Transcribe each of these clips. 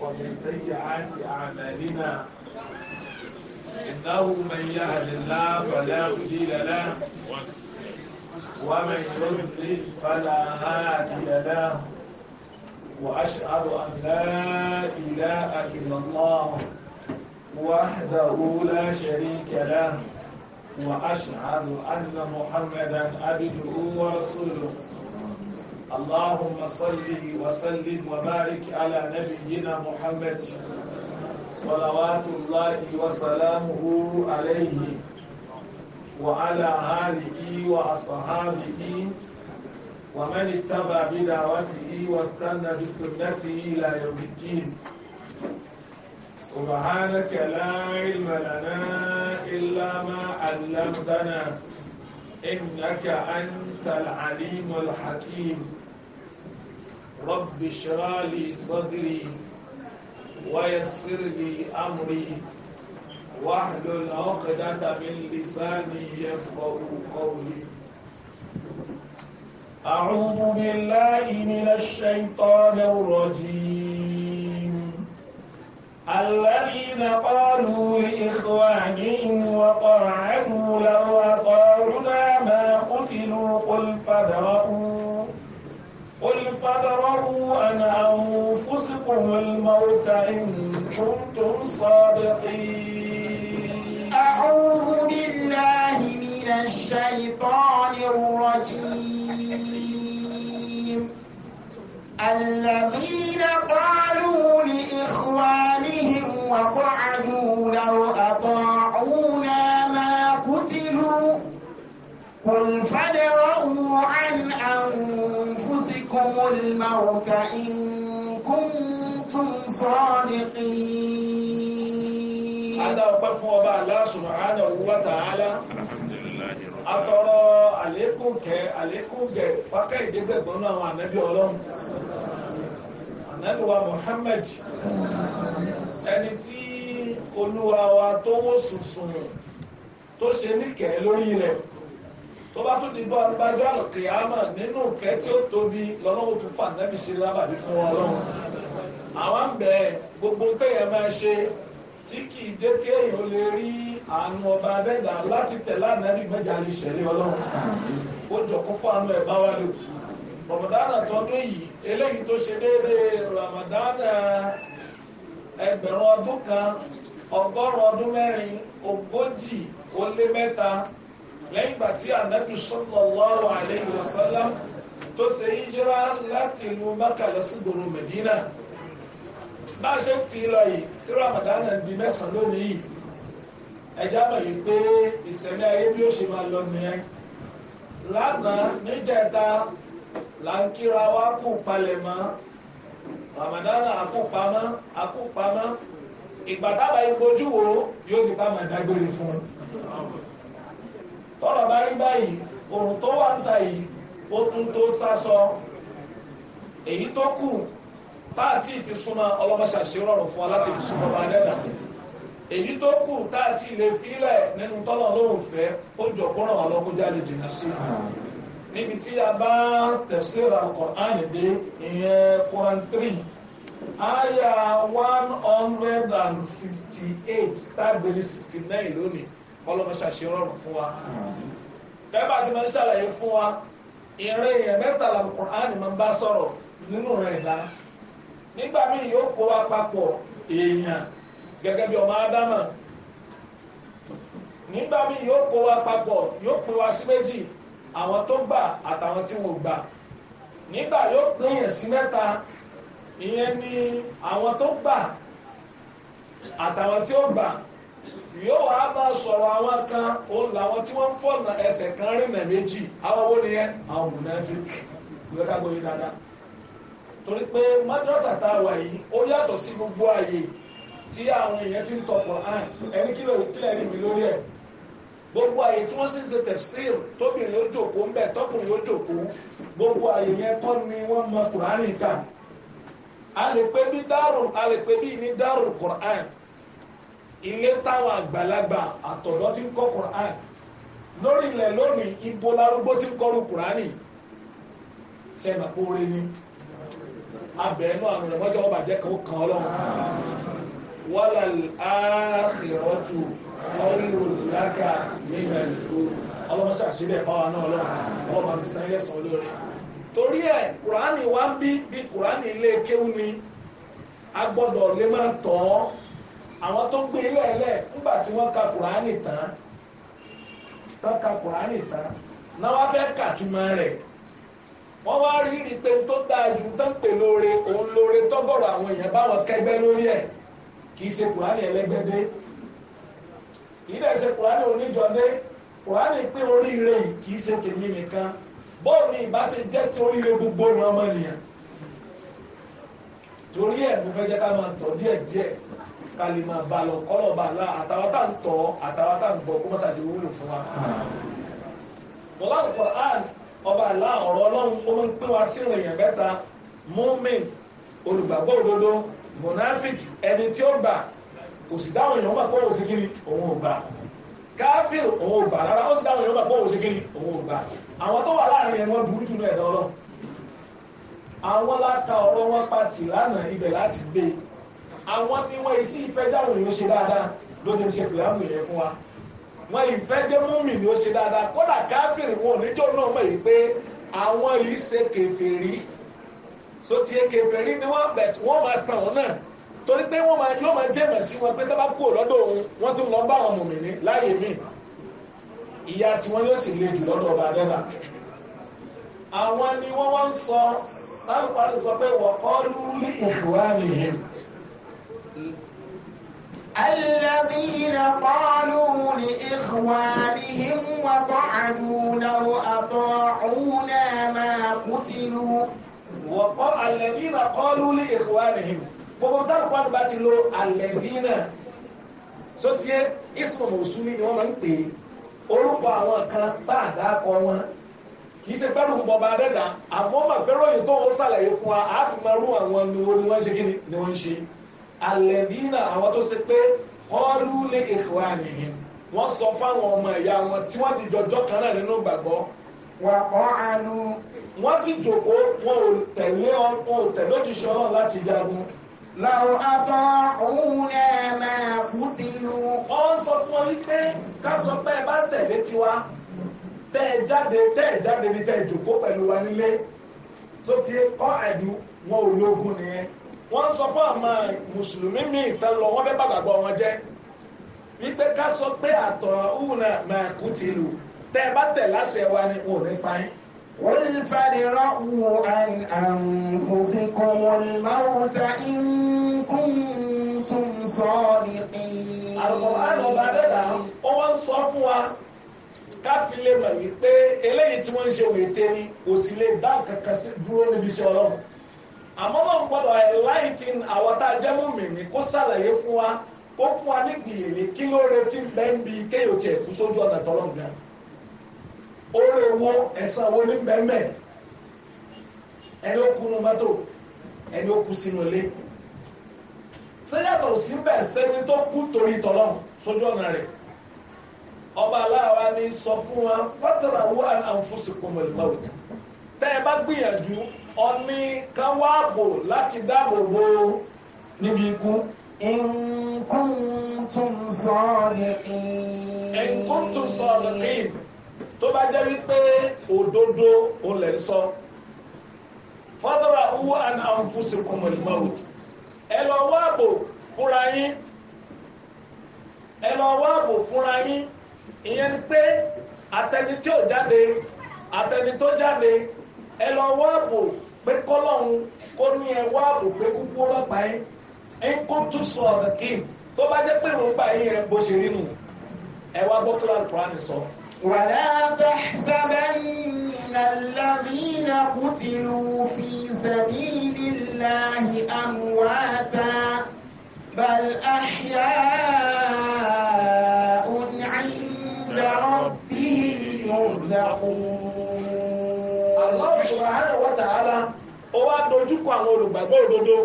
ومن سيئات أعمالنا إنه من يهد الله فلا مضل له ومن يضلل فلا هادي له وأشهد أن لا إله إلا الله وحده لا شريك له وأشهد أن محمدا عبده ورسوله اللهم صل وسلم وبارك على نبينا محمد صلوات الله وسلامه عليه وعلى آله وأصحابه ومن اتبع بدعوته واستنى بسنته إلى يوم الدين سبحانك لا علم لنا إلا ما علمتنا إنك أنت العليم الحكيم رب اشرح لي صدري ويسر لي أمري وحد العقدة من لساني يفقه قولي أعوذ بالله من الشيطان الرجيم الذين قالوا لإخوانهم وطاعوا لو أطاعنا ما قتلوا قل فادرؤوا قل فادرؤوا أن أنفسكم الموت إن كنتم صادقين أعوذ بالله من الشيطان الرجيم الذين قالوا لإخوانهم وقعدوا لو أطاعونا ما قتلوا قل فادرؤوا عن أنفسكم الموت إن كنتم صادقين هذا أكبر فوضى الله سبحانه وتعالى atọrọ àlékún kẹ àlékún gẹ fákà ìdégbẹ̀gbọ́n náà àwọn ànábì ọlọ́run ànábì wa Muhammad ẹni tí olúwa wa tó wó sùnsùn tó ṣe níkẹ́ lórí rẹ̀ tó bá tún di bọ́ agbájọ́ àlùkìyàmà nínú kẹ́ tí ó tóbi lọ́lọ́wọ́ tó fà nábì ṣe lábàbí fún ọlọ́run àwọn àbẹ̀ gbogbo pé ẹ máa ṣe tí kì í dé kéèyàn lè rí àánú ọba abẹ́dà láti tẹ̀lé ànábì mẹ́jà lè ṣẹlẹ̀ ọlọ́run ó jọ̀kún fún àánú ẹ̀ bá wà lò rọ̀mọ̀dánà tọdún yìí eléyìí tó ṣe déédéé rọ̀mọ̀dánà eh, ẹgbẹ̀rún ọdún kan ọgọ́rùn ọdún mẹ́rin ogójì ó lé mẹ́ta lẹ́yìn ìgbà tí ànábì sallallahu alayhi wa sallam tó ṣe hijira láti ìlú Mákà gbòòrò Mẹ̀dínà bá a ṣe ti lọ yìí tí Ramadan di mẹ́sàn-án lónìí yìí ẹ̀já mọ̀ yìí pé ìsẹ̀mí ayé bí ó ṣe máa lọ nìyẹn lánàá níjẹta là ń kíra wá kú palẹ̀mọ́ Ramadan àkúpamọ́ àkúpamọ́ ìgbà táwa ìbojú wo yóò fi bá màá dágbére fún un tọ́rọ̀ bá rí báyìí òrùn tó wà ń ta yìí ó tún tó sá sọ èyí tó kù tá a ti fi súnmọ́ ọlọ́mọṣà ṣe rọrùn fún wa láti fi súnmọ́ bá dẹ́dà èyí tó kù tá a ti lè filẹ̀ nínú tọ́lọ̀ lóhùn fẹ́ ó jọ kó ràn wá lọ́kó jáde jìnnà sí i níbi tí a bá tẹ̀síra Quran dé ìyẹn Quran three aya one hundred and sixty eight tábìlì sixty nine lónìí ọlọ́mọṣà ṣe rọrùn fún wa bẹ́ẹ̀ bá ti máa ń ṣàlàyé fún wa ìrìn èèyàn mẹ́tàlá Quran máa ń bá sọ̀rọ̀ nínú rẹ̀ dáa nígbà míì yóò kó wa papọ̀ èèyàn gẹ́gẹ́ bí ọmọ ádámà nígbà míì yóò kó wa papọ̀ yóò pín wa sí méjì àwọn tó gbà àtàwọn tí wọn ò gbà nígbà yóò pín yẹn sí mẹ́ta ìyẹn ni àwọn tó gbà àtàwọn tí ó gbà yóò wá máa sọ̀rọ̀ àwọn kan òun làwọn tí wọ́n fọ̀nà ẹsẹ̀ kan rìnà méjì àwọn wo nìyẹn àwọn mùnà ti wọ́n ká gbóyè dáadáa torí pé madrasa tá a wà yìí ó yàtọ̀ sí gbogbo ààyè tí àwọn èèyàn ti ń tọ Quran ẹni kílẹ̀ kílẹ̀ rí mi lórí ẹ̀ gbogbo ààyè tí wọ́n sì ń ṣe tẹ̀síìl tóbìnrin ó jòkó ń bẹ̀ tọkùnrin ó jòkó gbogbo ààyè yẹn kọ́ ni wọ́n mọ Quran kan a lè pè bí dárùn a lè pè bí ní dárùn Quran ilé táwọn àgbàlagbà àtọ̀dọ́ ti ń kọ́ Quran lórí ilẹ̀ lónìí ibo larúgbó ti ń kọ́rù Quran ṣẹ̀ bàbá orin ni abẹ́nú àrùn rẹ̀ mọ́jọ́ ọba jẹ́ kó kan ọlọ́run wọ́lá àkìrọ́tù ọ̀rìnrún lága nígbà ìlú ọlọ́run ṣàṣìlẹ̀ fáwọn náà ọlọ́run ọlọ́run àti sanyẹ́ sàn lórí. torí ẹ̀ kùránì wá ń bí bí kùránì ilé kéwú ni a gbọ́dọ̀ lè máa tọ̀ ọ́ àwọn tó gbé ilé ẹ̀lẹ́ nígbà tí wọ́n ka kùránì tán tán ka kùránì tán náà wá fẹ́ kàtúmọ̀ rẹ̀ wọ́n wá rí rí pé tó dáa ju tán pè lóore òun lóore tọ́gọ̀rọ̀ àwọn èèyàn báwọn kẹgbẹ́ lórí ẹ̀ kì í ṣe kùránì ẹlẹ́gbẹ́dé kì í dẹ̀ ṣe kùránì oníjọ́dé kùránì pé oríire yìí kì í ṣe tèmi nìkan bóun ni ìbá ṣe jẹ́ tí oríire gbogbo ní ọmọ nìyẹn torí ẹ̀ mo fẹ́ jẹ́ ká máa tọ̀ díẹ̀ díẹ̀ ká lè máa bá lọ kọ́lọ̀ bá la àtàwọn tá à ń tọ̀ àtàwọn tá à ń gbọ́ kó má ṣàdéhùn wúlò fún wa. bọ́lá Al-Qur'an ọba àlá ọ̀rọ̀ ọlọ́run ó máa ń pín wa sí ìrìnyàn mẹ́ta mọ́mìn olùgbàgbọ́ òdodo monafik ẹni tí ó gbà kò sì dáhùn èèyàn máa pọ́wọ́ sí kíni òun ò gbà káfíìn òun ò gbà rárá ó sì dáhùn èèyàn máa pọ́wọ́ sí kíni òun ò gbà àwọn tó wà láàrin ẹ̀ wọ́n burú jù náà ọlọ́run àwọn láta ọ̀rọ̀ wọn pa tì lánàá ibẹ̀ láti gbé àwọn níwọ̀n isí ìfẹ́ dáhùn èèyàn ṣe dáadáa ló ti ń ṣe pìlámù wọn ìfẹ́ jẹ́ múmi ni ó ṣe dáadáa kódà káfíìrì wọn oníjọ́ náà mọ̀ yìí pé àwọn yìí ṣe kèfèrí tó ti kèfèrí ni wọ́n bẹ̀ tí wọ́n máa tàn wọ́n náà torí pé wọ́n yóò máa jẹ́mọ̀ sí wọn pé tọ́ba kúrò lọ́dọ̀ òun wọ́n tún lọ bá àwọn mùmìnì láàyè mí ìyá tí wọ́n yóò sì le jù lọ́dọ̀ ọba dẹ́nà àwọn ni wọ́n wá ń sọ láwùjọ pé wọ́n kọ́ lúlú ìfúwá nìyẹn الذين قالوا لإخوانهم وطعنوا لو أطاعونا ما قتلوا وقال الذين قالوا لإخوانهم gbogbo táwọn pàdé الذين ti lo àlẹ́bínà sótíé ismọ̀ mọ̀súmí ni wọ́n máa ń pè é orúkọ àwọn kan bá àdáàkọ wọn kì í ṣe pẹ́lú bọba adẹ́dà àmọ́ màgbẹ́rọ̀yìn tó ń sàlàyé fún wa àá fi máa rú àwọn ni wọ́n ṣe kí ni wọ́n ṣe alẹ́dínà àwọn tó ṣe pé ọlú lé ikhwanihim wọ́n sọ fáwọn ọmọ ẹ̀yà wọn tí wọ́n di jọjọ́ kan náà nínú gbàgbọ́. wà ọ́ àánú. wọ́n sì jókòó wọn ò tẹ̀lé wọn ò tẹ̀lé òjìṣẹ́ ọlọ́run láti jagun. làwọn abọ́ òun náà máa kú tinú. wọ́n sọ fún wọn wípé ká sọ pé ẹ bá tẹ̀lé tiwa tẹ́ ẹ jáde tẹ́ ẹ jáde ní tẹ́ ẹ jókòó pẹ̀lú wa nílé tó ti ọ́ ẹ̀dùn wọn ò lóògùn nìyẹn wọ́n sọ fún àwọn mùsùlùmí míì tẹ́ lọ wọ́n fẹ́ bàgbàgbọ́ wọn jẹ́ wípé ká sọ pé àtọ̀ òwúnà máa kú ti lù tẹ́ ẹ bá tẹ̀ láṣẹ wa ni wò ní pa yín. wọ́n lè fàdé ráhùn àǹfòfin kan wọn máa ta ìkún tún sọ́ọ̀rì pín. àlùkò àlùbá dẹ́dà ó wá ń sọ fún wa ká fi lè mọ̀ wípé eléyìí tí wọ́n ń ṣe wèé tẹ́ni kò sì lè dá nǹkan kan dúró níbi iṣẹ́ ọlọ́run àmọ́ náà ń gbọ́dọ̀ ẹ̀láìtìn àwọn tá a jẹ́ mùmínì kó ṣàlàyé fún wa kó fún wa ní gbìyànjú kí ló retí bẹ́ẹ̀ ń bi kéèyàn tiẹ̀ kú sójú ọ̀nà tọ́lọ́gbà ó lè wo ẹ̀sán wo ní bẹ́ẹ̀mẹ̀ ẹni ó kú nu mọ́tò ẹni ó kú sínú ilé sẹ́yàtọ̀ síbẹ̀ sẹ́ni tó kú torí tọ́lọ́ sójú ọ̀nà rẹ̀ ọba aláwa ni sọ fún wa fátàrà wo àǹfọ̀sìkò mọ̀lẹ́mọ̀tì bẹ́ẹ̀ ọ̀ní kan wá bò láti dáàbò bo níbi ikú. ìkúntùn sọ̀rọ̀kìn. ìkúntùn sọ̀rọ̀kìn tó bá jẹ́ wípé òdodo ò lè sọ. fọ́dọ̀rà owó àná àwọn fúnṣe kọmọlì mọ́wùt. ẹ lọ wá bò fúnra yín. ẹ lọ wá bò fúnra yín. ìyẹn ni pé àtẹni tí ò jáde àtẹni tó jáde ẹ lọ wá bò pé kọ́lọ́hún kó ní ẹ wá rò pé kúkú ó lọ́pàá yín ń kó tún sọ ọ̀rọ̀ kí tó bá jẹ́ pé ìrùn pa yín yẹn bó ṣe rí nù ẹ wá gbọ́ tó láti kúránì sọ. wàlá tahsabanna alladhina qutilu fi sabilillahi amwata bal ahya'un 'inda rabbihim yurzaqun. subhanahu wa ta'ala ó wá dojúkọ àwọn olùgbàgbọ́ òdodo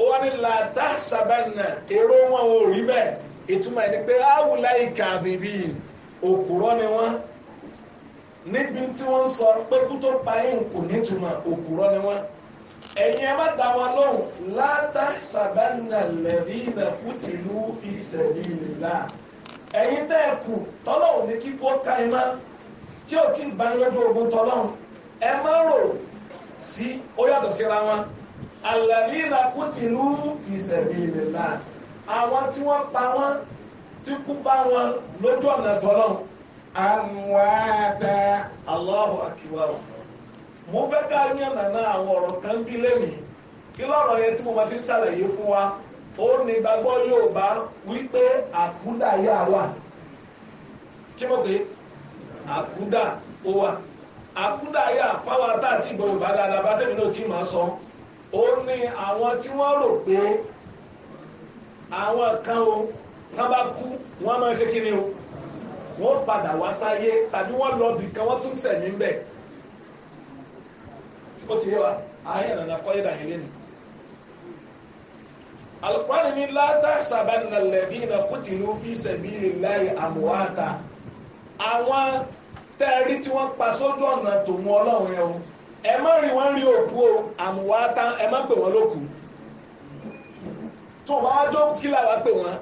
ó wá ní la tahsabanna èrò wọn ò rí bẹ́ẹ̀ ìtumọ̀ ẹni pé awùláyì kàbìbì òkúrọ́ ni níbi tí sọ pé kò nítumọ̀ òkúrọ́ ni ẹ̀yin má wọn lóhùn fi ẹ̀yin tí ti bá ẹ si rò sí ó yàtọ̀ síra wọn alladhina qutilu fi sabilillah àwọn tí wọ́n pa wọ́n ti kú bá wọn lójú ọ̀nà tọ́lọ́ amwata Allahu akbar mo fẹ́ ká yànnà náà àwọn ọ̀rọ̀ kan bí lẹ́mìí kí lọ́rọ̀ yẹn tí mo máa ti ṣàlàyé fún wa ó ní gbàgbọ́ Yorùbá wípé àkúdà yà wà kí mo pè é àkúdà ó wà àkúdàáyà fáwọn atá àti ìgbọ̀n ìbá dáadáa bá tẹ̀mí náà tí màá sọ ó ní àwọn tí wọ́n rò pé àwọn kan o tán bá kú wọ́n máa ṣe kí o wọ́n padà wá sáyé tàbí wọ́n lọ bì kan wọ́n tún sẹ̀ níbẹ̀ ó ti yé wa ayé nàná kọ́ yé dàhìlẹ́ nìyí alukwan mi lata sabanna lẹbi na kutilu fi sẹbi lillahi amuwata àwọn tẹ́ ẹ rí tí wọ́n pa sójú ọ̀nà tòun ọlọ́run yẹn o ẹ má wọ́n o àmùwá tán ẹ má pè wọ́n tó wàá jó kí pè wọ́n.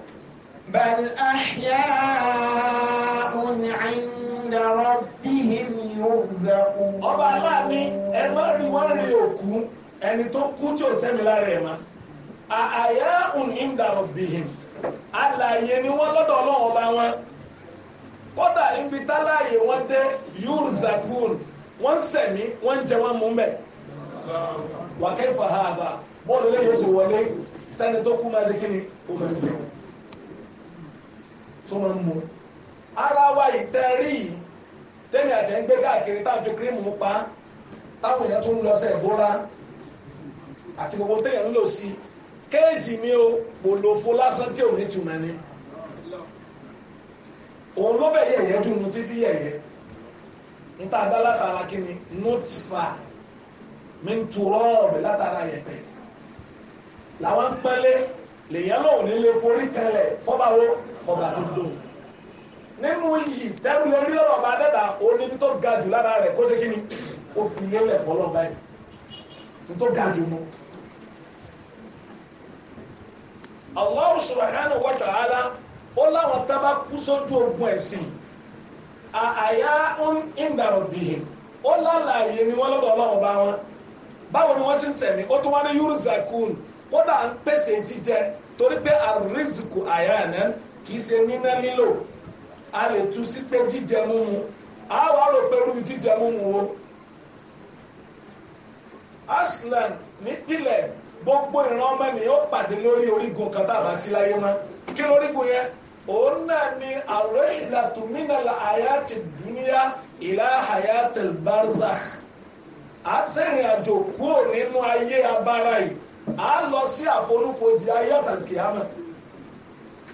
bal ahya'un 'inda rabbihim yurzaqun. ọba aláàbí ẹ má wọ́n rí òkú ẹni tó kú tí ò sẹ́mi lára ẹ̀ má. ni wọ́n lọ́dọ̀ ọlọ́run ọba wọn. kódà ibi táláyè wọn dé yóò zakun wọn sẹmí wọn jẹ wọn mú mẹ wàkẹ́ fàhàbà bọ́ọ̀lù lè yẹ sọ wọlé sani tó kú máa di kíni ó máa jẹ tó máa mú ara wa ìtẹ́rí tẹ́mi àti ẹ̀ ń gbé káàkiri táwọn fi kírímù pa táwọn èèyàn tó lọ sẹ́ẹ̀ bóra àti gbogbo téèyàn ń lò sí kéèjì mi ò pòlòfo lásán tí ò ní tùmọ̀ ni òun ló bẹ̀rẹ̀ ẹ̀yẹ́ dùn mú títí yẹ̀yẹ́ níta dá látara kí ni nutfa mi ń tu rọ́ọ̀bì látara yẹ̀pẹ̀ làwọn ń pẹ́lẹ́ lèyàn náà ò ní lè forí tẹ́lẹ̀ fọ́bàwó fọ́bà tó dùn nínú iyì tẹ́rù lórí lọ́rọ̀ bá dẹ́ta òun ibi tó ga jù lára rẹ̀ kó ṣe kí ni ó fi lélẹ̀ fọlọ́ báyìí ní tó ga jù mọ́. Allah subhanahu wa ta'ala ó láwọn tá bá kú sójú ogun ẹ̀sìn àyà ń dàrọ̀ ó lálàyé ni wọ́n lọ́dọ̀ ọlọ́run bá wọn báwo ni wọ́n ṣe ń sẹ̀mí ó tún wá ní yurzakun kódà ń pèsè jíjẹ torí pé àrísìkò àyà ẹ̀nẹ́ kì í ṣe níná a lè tu sí pé jíjẹ múmu a wà rò pé rúbi jíjẹ múmu o ashland nípìnlẹ̀ gbogbo ìran ọmọ ènìyàn ó pàdé lórí orígun kan tá a bá sí láyé mọ́ òun náà ni ar-rihlatu minal hayati dunya ila hayatil barzakh àṣẹ̀rìn àjò kúrò nínú ayé abara yìí a lọ sí àfonúfojì ayé àtàkìyàmọ̀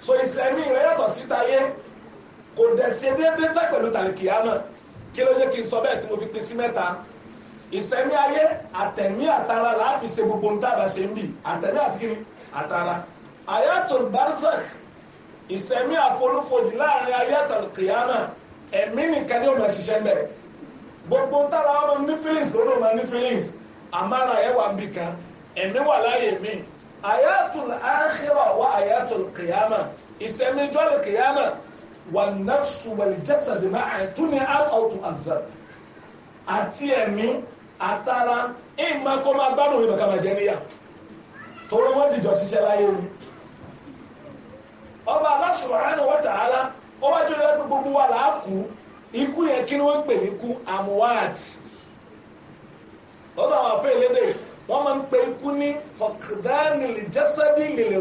so ìsẹ̀mí rẹ̀ yàtọ̀ síta yẹ kò dẹ̀ ṣe déédéé dá pẹ̀lú tàkìyàmọ̀ kí ló yẹ kí n sọ bẹ́ẹ̀ tí mo fi pín sí mẹ́ta ìsẹ̀mí ayé àtẹ̀mí àtara láàfin ṣe gbogbo ń dára ṣe ń bì àtẹ̀mí àti kí àtara ayatul barzakh ìsẹ̀mí àfonífojì láàrin ayé àtàlùkìyàmà ẹ̀mí nìkan ni ó máa ṣiṣẹ́ bẹ́ẹ̀ gbogbo tára ọmọ ní feelings ló ló máa ní feelings àmàlà ẹ̀ wà níbi kan ẹ̀mí wà láyé mi ayatul akhirah wa ayatul qiyamah ìsẹ̀mí jọ́lù kìyàmà wà nafsu wal jasad máa túnì àtọ̀tù àzà àti ẹ̀mí àtàrà ìmọ̀ kó ìbàkàmà jẹ́ níyà tó ló wọ́n ṣiṣẹ́ láyé mi ọba Allah subhanahu wa ta'ala ó wájú lọ́wọ́ pé gbogbo wa là á kú ikú yẹn kí ni wọ́n pè ní ikú amuwaat lọ́dọ̀ àwọn afẹ́ ìlédè wọ́n máa ń pe ikú ní faqdani lil jasadi lil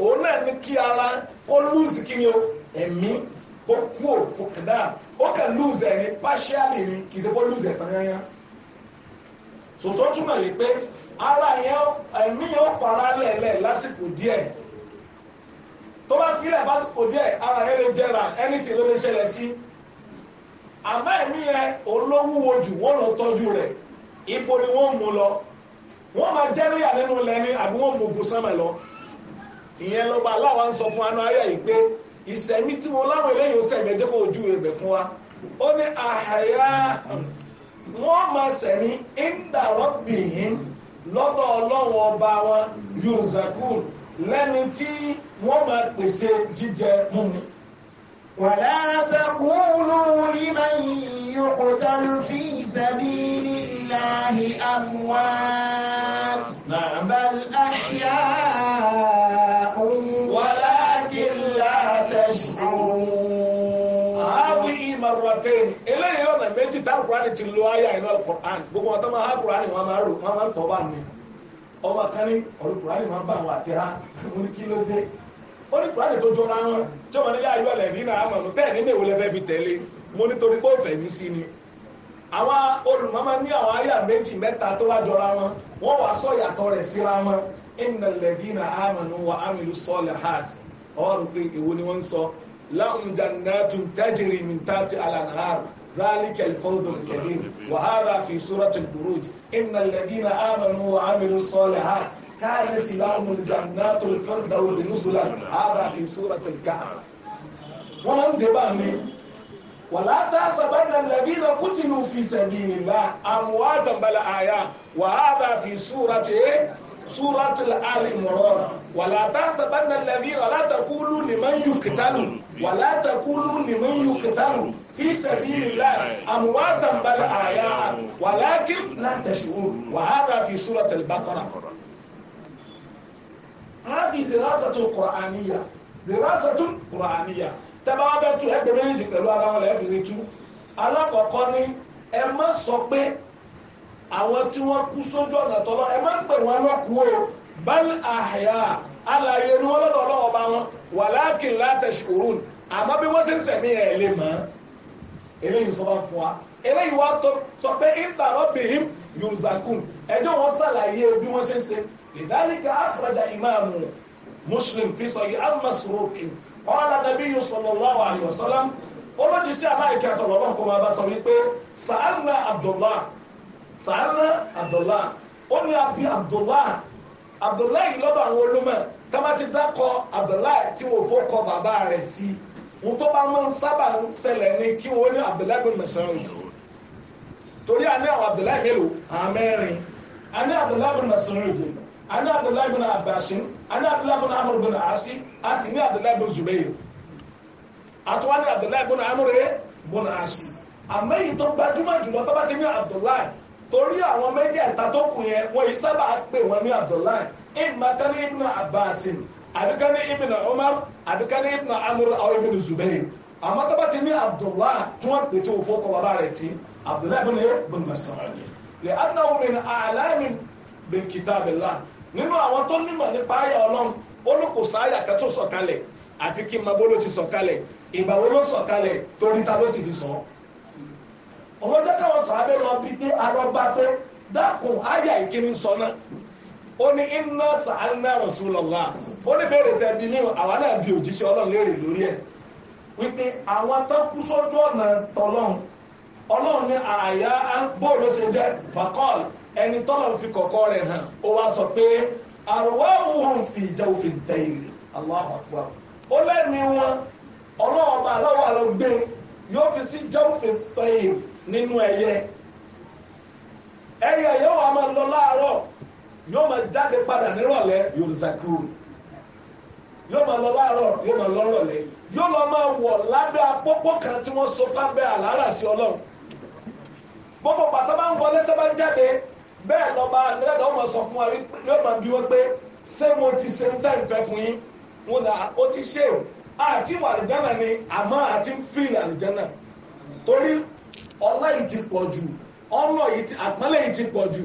òun náà ní kí ara kó lùzì kí ni o ẹ̀mí kó kú ò fọkàdá ó kà lùzì ẹ̀ ní ni kì í ṣe kó lùzì ẹ̀ pàṣẹ́yà sòtọ́ túmọ̀ yìí pé ara yẹn ẹ̀mí yẹn ó fara lẹ̀lẹ̀ lásìkò díẹ̀ tó bá sílẹ̀ bá sìkò díẹ̀ ara rẹ̀ lè jẹrà ẹni tí ló lè ṣẹlẹ̀ sí àmọ́ ẹ̀mí yẹn jù wọ́n tọ́jú rẹ̀ ipò ni wọ́n mú lọ wọ́n máa jẹ́rìyà nínú lẹ́ni àbí wọ́n mú ogun sánmà lọ ìyẹn ló bá aláwa ń sọ fún anú ayé yìí pé ìsẹ̀mí tí láwọn eléyìí ó sẹ̀mí ẹjẹ́ kó fún wa ó ní àhàyà wọ́n máa ọba wọn lẹ́ni tí wọ́n máa pèsè jíjẹ múmi. wàlá taqulu liman yuqtalu fi sabilillahi amwat bal ahya'un walakin la tash'urun. àwìn marratain eléyìí ọ̀nà méjì táwọn kúránì ti lo ayé àìlọ́ àn gbogbo ọ̀tọ́ máa há kúránì wọn máa ń tọ́ bá mi ọba kan ní ọ̀rọ̀ kùránì máa ń bá àwọn àtìrá mo ní kí ló dé ó ní kùránì tó jọra wọn jọba ní yáa yọ lẹ́bí náà àmọ́ bẹ́ẹ̀ nínú èwo lẹ́fẹ́ fi tẹ̀lé mo ní torí pé ó fẹ̀mí sí ni àwọn olùmọ́mọ́ ní àwọn àyà méjì mẹ́ta tó bá jọra wọn wọ́n wàá sọ ìyàtọ̀ rẹ̀ síra wọn inna alladhina amanu wa amilu salihat ọ̀rọ̀ pé èwo ni wọ́n ń sọ lahum jannatun tajri min tahtiha al ذلك الفوز الكبير وهذا في سورة البروج إن الذين آمنوا وعملوا الصالحات كانت لهم الجنات الفردوس نزلا هذا في سورة الكهف ومن دباني ولا تحسبن الذين قتلوا في سبيل الله أمواتا بل أحياء وهذا في سورة سورة آل عمران ولا تحسبن الذين لا تقولوا لمن يقتلون wàlá takunu liman yuqtalu fi sabilillah amwatan bal ahya'a walakin la tash'urun wa hadha fi suratil baqara. هذه دراسة قرآنية دراسة قرآنية tẹ́bá wá bẹ́ẹ̀ tú ẹgbẹ́ méjì pẹ̀lú ara wọn lẹ́yìn fi tú alákọ̀ọ́kọ́ ni ẹ má sọ pé àwọn tí wọ́n kú sójú ọ̀nà tọ́lọ́ ẹ má pè wọ́n lọ́kùú o bal ahya alààyè ni wọ́n lọ́dọ̀ ọlọ́wọ́ bá wọn wàláàkìn látẹ̀ṣùkúrún àmọ́ bí wọ́n ṣe ń sẹ̀mí ẹ̀ lè mọ́ eléyìí sọ́ba fún wa eléyìí wá sọ pé ìtàrọ́bìnrin yorùsàkùn ẹjọ́ wọn ṣàlàyé bí wọ́n ṣe ń ṣe lidhalika akhraja ìmáàmù muslim fi sahih al-masruqi qala nabiyyu sallallahu alayhi wa sallam olójú sí aláìkẹ́ àtọ̀rọ̀ ọlọ́run kó máa bá sọ wípé sàánà abdullah sàánà abdullah ó ní abi abdullah abdullah yìí lọ́dọ̀ àwọn olómọ̀ tọ́ba ti dákọ̀ Abdullahi tí wọ́n fọ́ kọ bàbá rẹ̀ sí wọn tó bá máa ń sábà ń ṣẹlẹ̀ ní kí wọ́n ní Abdullahi bin Mas'ud torí ani àwọn Abdullahi mélòó àmẹ́rin àní Abdullahi bin Mas'ud àní Abdullahi bin Abbasin àní Abdullahi bin Amr bin Asi àti ní Abdullahi bin Zubayr àtúwá ní Abdullahi bin Amr bin Asi àmẹ́yìn tó gbajúmọ̀ jùlọ tọ́ba ti ní Abdullahi torí àwọn méjì ẹ̀ta tó kù yẹn wọ́n yìí sábà pè wọ́n ní Abdullahi imma kama ibn abbas àbí kama ibn umar àbí kama ibn amr aw ibn zubair àmọ́ tó bá ti ní abdullah tó wọ́n pè tó fọ́kọ̀ bàbá rẹ̀ tí abdullah ibn yóò bin mas'ud lè anáwó min àlàmì bin kitabillah nínú àwọn tó nímọ̀ nípa ayà ọlọ́run olùkóso ayà kan tó sọ̀kalẹ̀ àti kí n máa bó ló ti sọ̀kalẹ̀ ìgbà wo ló sọ̀kalẹ̀ torí ta ló sì fi sọ ọmọdé káwọn sàábẹ́ lọ bí pé arọ́gbá pé dákun ayà ìkíni sọ náà ó ní iná sàánà Rasulullah ó ní bẹ̀rẹ̀ tẹ̀bi ní àwa náà bí òjíṣẹ́ ọlọ́run léèrè lórí ẹ̀ wípé àwọn atákú sójú ọ̀nà tọlọ́run ọlọ́run ní ni bóòlù bọọlụ jẹ́ fakọ́l ẹni tọ́lọ́run fi ha o wa sọ pe fi ìjà òfin dẹ̀yìn Allahu akbar ó lẹ́ni wọn fi yóò máa jáde padà nírọ̀lẹ́ yóò zakuru yóò máa lọ láàárọ̀ yóò máa lọ rọ̀lẹ́ yóò lọ máa wọ̀ lábẹ́ apópó kan tí wọ́n so pábẹ́ àlárà sí ọlọ́run gbogbo bàtà bá ń wọlé tó bá ń jáde bẹ́ẹ̀ lọ́ba nílẹ̀dọ̀ ọmọ sọ fún wa yóò máa bí wọ́n pé ṣé mo ti ṣe ń dá ìfẹ́ fún yín wọn là ó ti ṣe o àti wà àlìjánà ni àmọ́ àti ń fìlì àlìjánà torí ọlá yìí ti pọ̀ jù ọlọ́ yìí ti àpọ́nlé yìí ti pọ̀ jù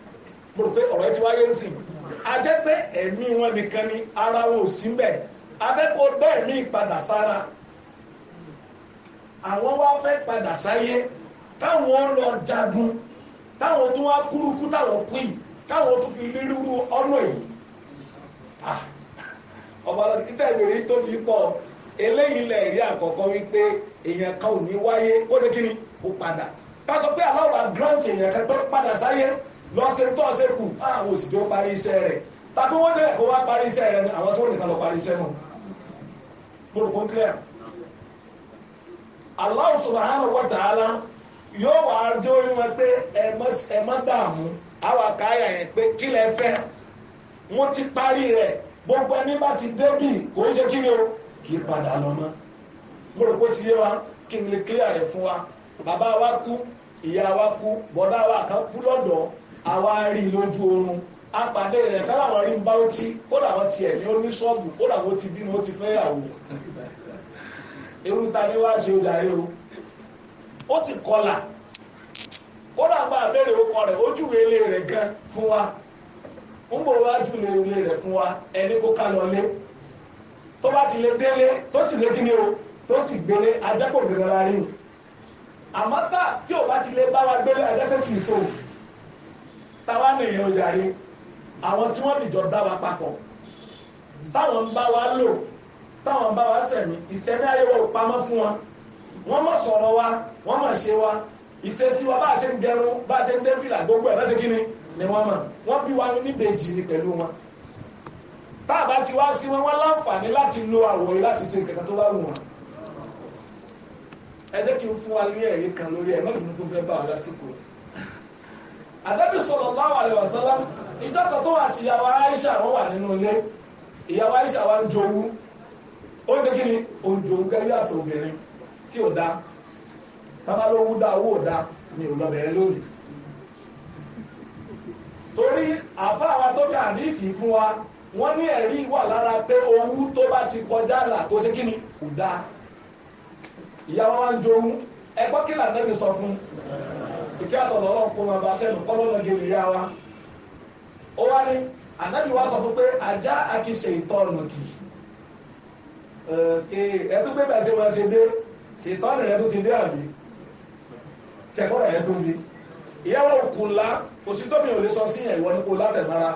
mo rò pé ọ̀rọ̀ ẹ ti wáyé ń sìn a jẹ́ pé ẹ̀mí wọn nìkan ni ara wọn ò sí mbẹ̀ abẹ́kọ̀ọ́ bẹ́ẹ̀ mí padà sára àwọn wá fẹ́ padà sáyé káwọn lọ jagun táwọn tó wá kúrúkú táwọn kú yìí káwọn tó fi rírú ọ̀nà yìí ọba lọ́dún ìbéèrè tóbi pọ̀ eléyìí lẹ̀ rí àkọ́kọ́ wípé èèyàn kan ò ní wáyé ó ní kí ni kó padà ká sọ pé aláwọ̀ àgírántì èèyàn kan tó padà sáyé lọ́sẹ̀ tó ọ̀sẹ̀ kù àwọn òsì tó parí iṣẹ́ rẹ̀ tàbí wọ́n dẹ̀ kó wá parí iṣẹ́ rẹ̀ àwọn tó nìkan lọ parí iṣẹ́ náà mo rò kó clear. Allah subhanahu wa ta'ala yóò wá jó wọn pé ẹ má dààmú àwọn àkáyà yẹn pé kí fẹ́ wọ́n ti parí rẹ̀ gbogbo ẹni bá ti débì kò ń ṣe kí ni o kì í padà lọ mọ́ mo rò kó ti yé wa kí n lè clear rẹ̀ fún wa bàbá wa kú ìyá wa kú bọ̀dá wa kan kú lọ́dọ̀ọ́ àwa lójú oorun apàdé rẹ̀ kára rí ń bá ọtí ó làwọn tiẹ̀ ní oníṣọ́ọ̀bù ó làwọn ti bínú ó ti fẹ́ yàwó ta ni wá ṣe o ó sì kọlà ó abere abẹ́rẹ́ okọ rẹ̀ ojú ilé rẹ̀ gan wa ń bò wá ju ilé rẹ̀ fún wa ẹni kó ká lọ ti délé tó sì lé o tó sì gbélé ajẹ́pọ̀ gbẹ̀rẹ̀ wa gbélé táwa nìyẹn ojàre àwọn tí wọ́n dìjọ dá wa papọ̀ táwọn ń bá wa lò táwọn ń bá wa sẹ̀mí ìsẹ̀mí ayé wa ò pamọ́ fún wa wọ́n mọ̀ sọ̀rọ̀ wa wọ́n mọ̀ ṣe wa ìṣesí wa bá a ṣe ń gẹrun bá a ṣe ń dé fìlà gbogbo ẹ̀ lọ́sẹ̀ kínní ni wọ́n mọ̀ wọ́n bí wa níbejì ni pẹ̀lú wọn tá a bá ti wá sí wọn wọ́n láǹfààní láti lo àwòrán láti ṣe nǹkan tó bá wù wọn ẹ jẹ́ kí n fún wa ní ẹ̀rí kan lórí ẹ̀ mọ́tò tó fẹ́ bá wa lásìkò rẹ̀ ànábì sallallahu alaihi wasallam ìjọkọ̀ tó wà tí ìyàwó Aisha wọ́n wà nínú ilé ìyàwó Aisha wa ń jowú ó ṣe kí ni òǹjò ń gẹ́lẹ́ àṣà obìnrin tí ò dá bàbá ló wú dá owó ò dá mi ò lọ bẹ̀rẹ̀ lónìí torí àfa àwa tó kà àdìsí fún wa wọ́n ní ẹ̀rí wà lára pé owú tó bá ti kọjá là tó ṣe kí ni kò dá ìyàwó wa ń jowú ẹgbọ́n kí làdẹ́bí sọ fún ìkẹ́ àtọ̀nà ọlọ́run kó máa bá sẹ́nu ọlọ́run gèrè yá wa ó wá ní ànábì wa sọ fún pé ajá àkìsè ìtọ́nù kì ẹ tún pé bàtí wọn ṣe dé ṣètọ́nù rẹ tún ti dé àbí tẹ̀kọ́ rẹ̀ tún bí ìyàwó kò lá kò sí tóbi ò lè sọ sí ẹ̀wọ́ ní kò látẹ̀mára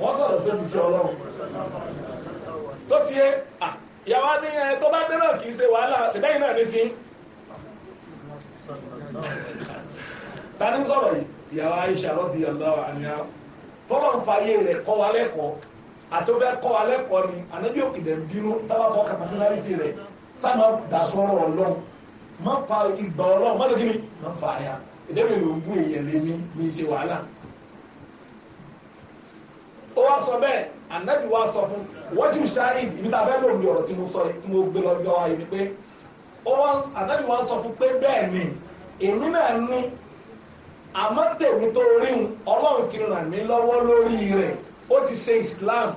wọ́n sọ̀rọ̀ tó ti ṣe ọlọ́run tó ti yé ìyàwó á ní ẹ tó bá dé náà kì í ṣe wàhálà ṣèdáyìn náà ní ti tani ń sọ̀rọ̀ yìí ìyàwó Aisha radiyallahu anha tọ́lọ̀ ń fa ayé rẹ̀ kọ́ wa lẹ́kọ̀ọ́ àti ọbẹ̀ kọ́ wa lẹ́kọ̀ọ́ ni ànábì òkèdè ń bínú tábà fọ́ kàpásílárìtì rẹ̀ sábà dà sọ́rọ̀ ọlọ́run má fa ìgbà ọlọ́run má lókè mi má fa àyà ìdẹ́gbẹ̀ ló ń gún èèyàn lé ní ní ṣe wàhálà. ó wá sọ bẹ́ẹ̀ ànábì wá sọ fún wọ́jú sáré níta bẹ́ẹ̀ lòun ọ̀rọ̀ tí mo sọ tí mo gbé lọ bí ọ èmi náà ní àmọ́ tó ríhun ọlọ́run ti ràn mí lọ́wọ́ lórí rẹ̀ ó ti ṣe Islam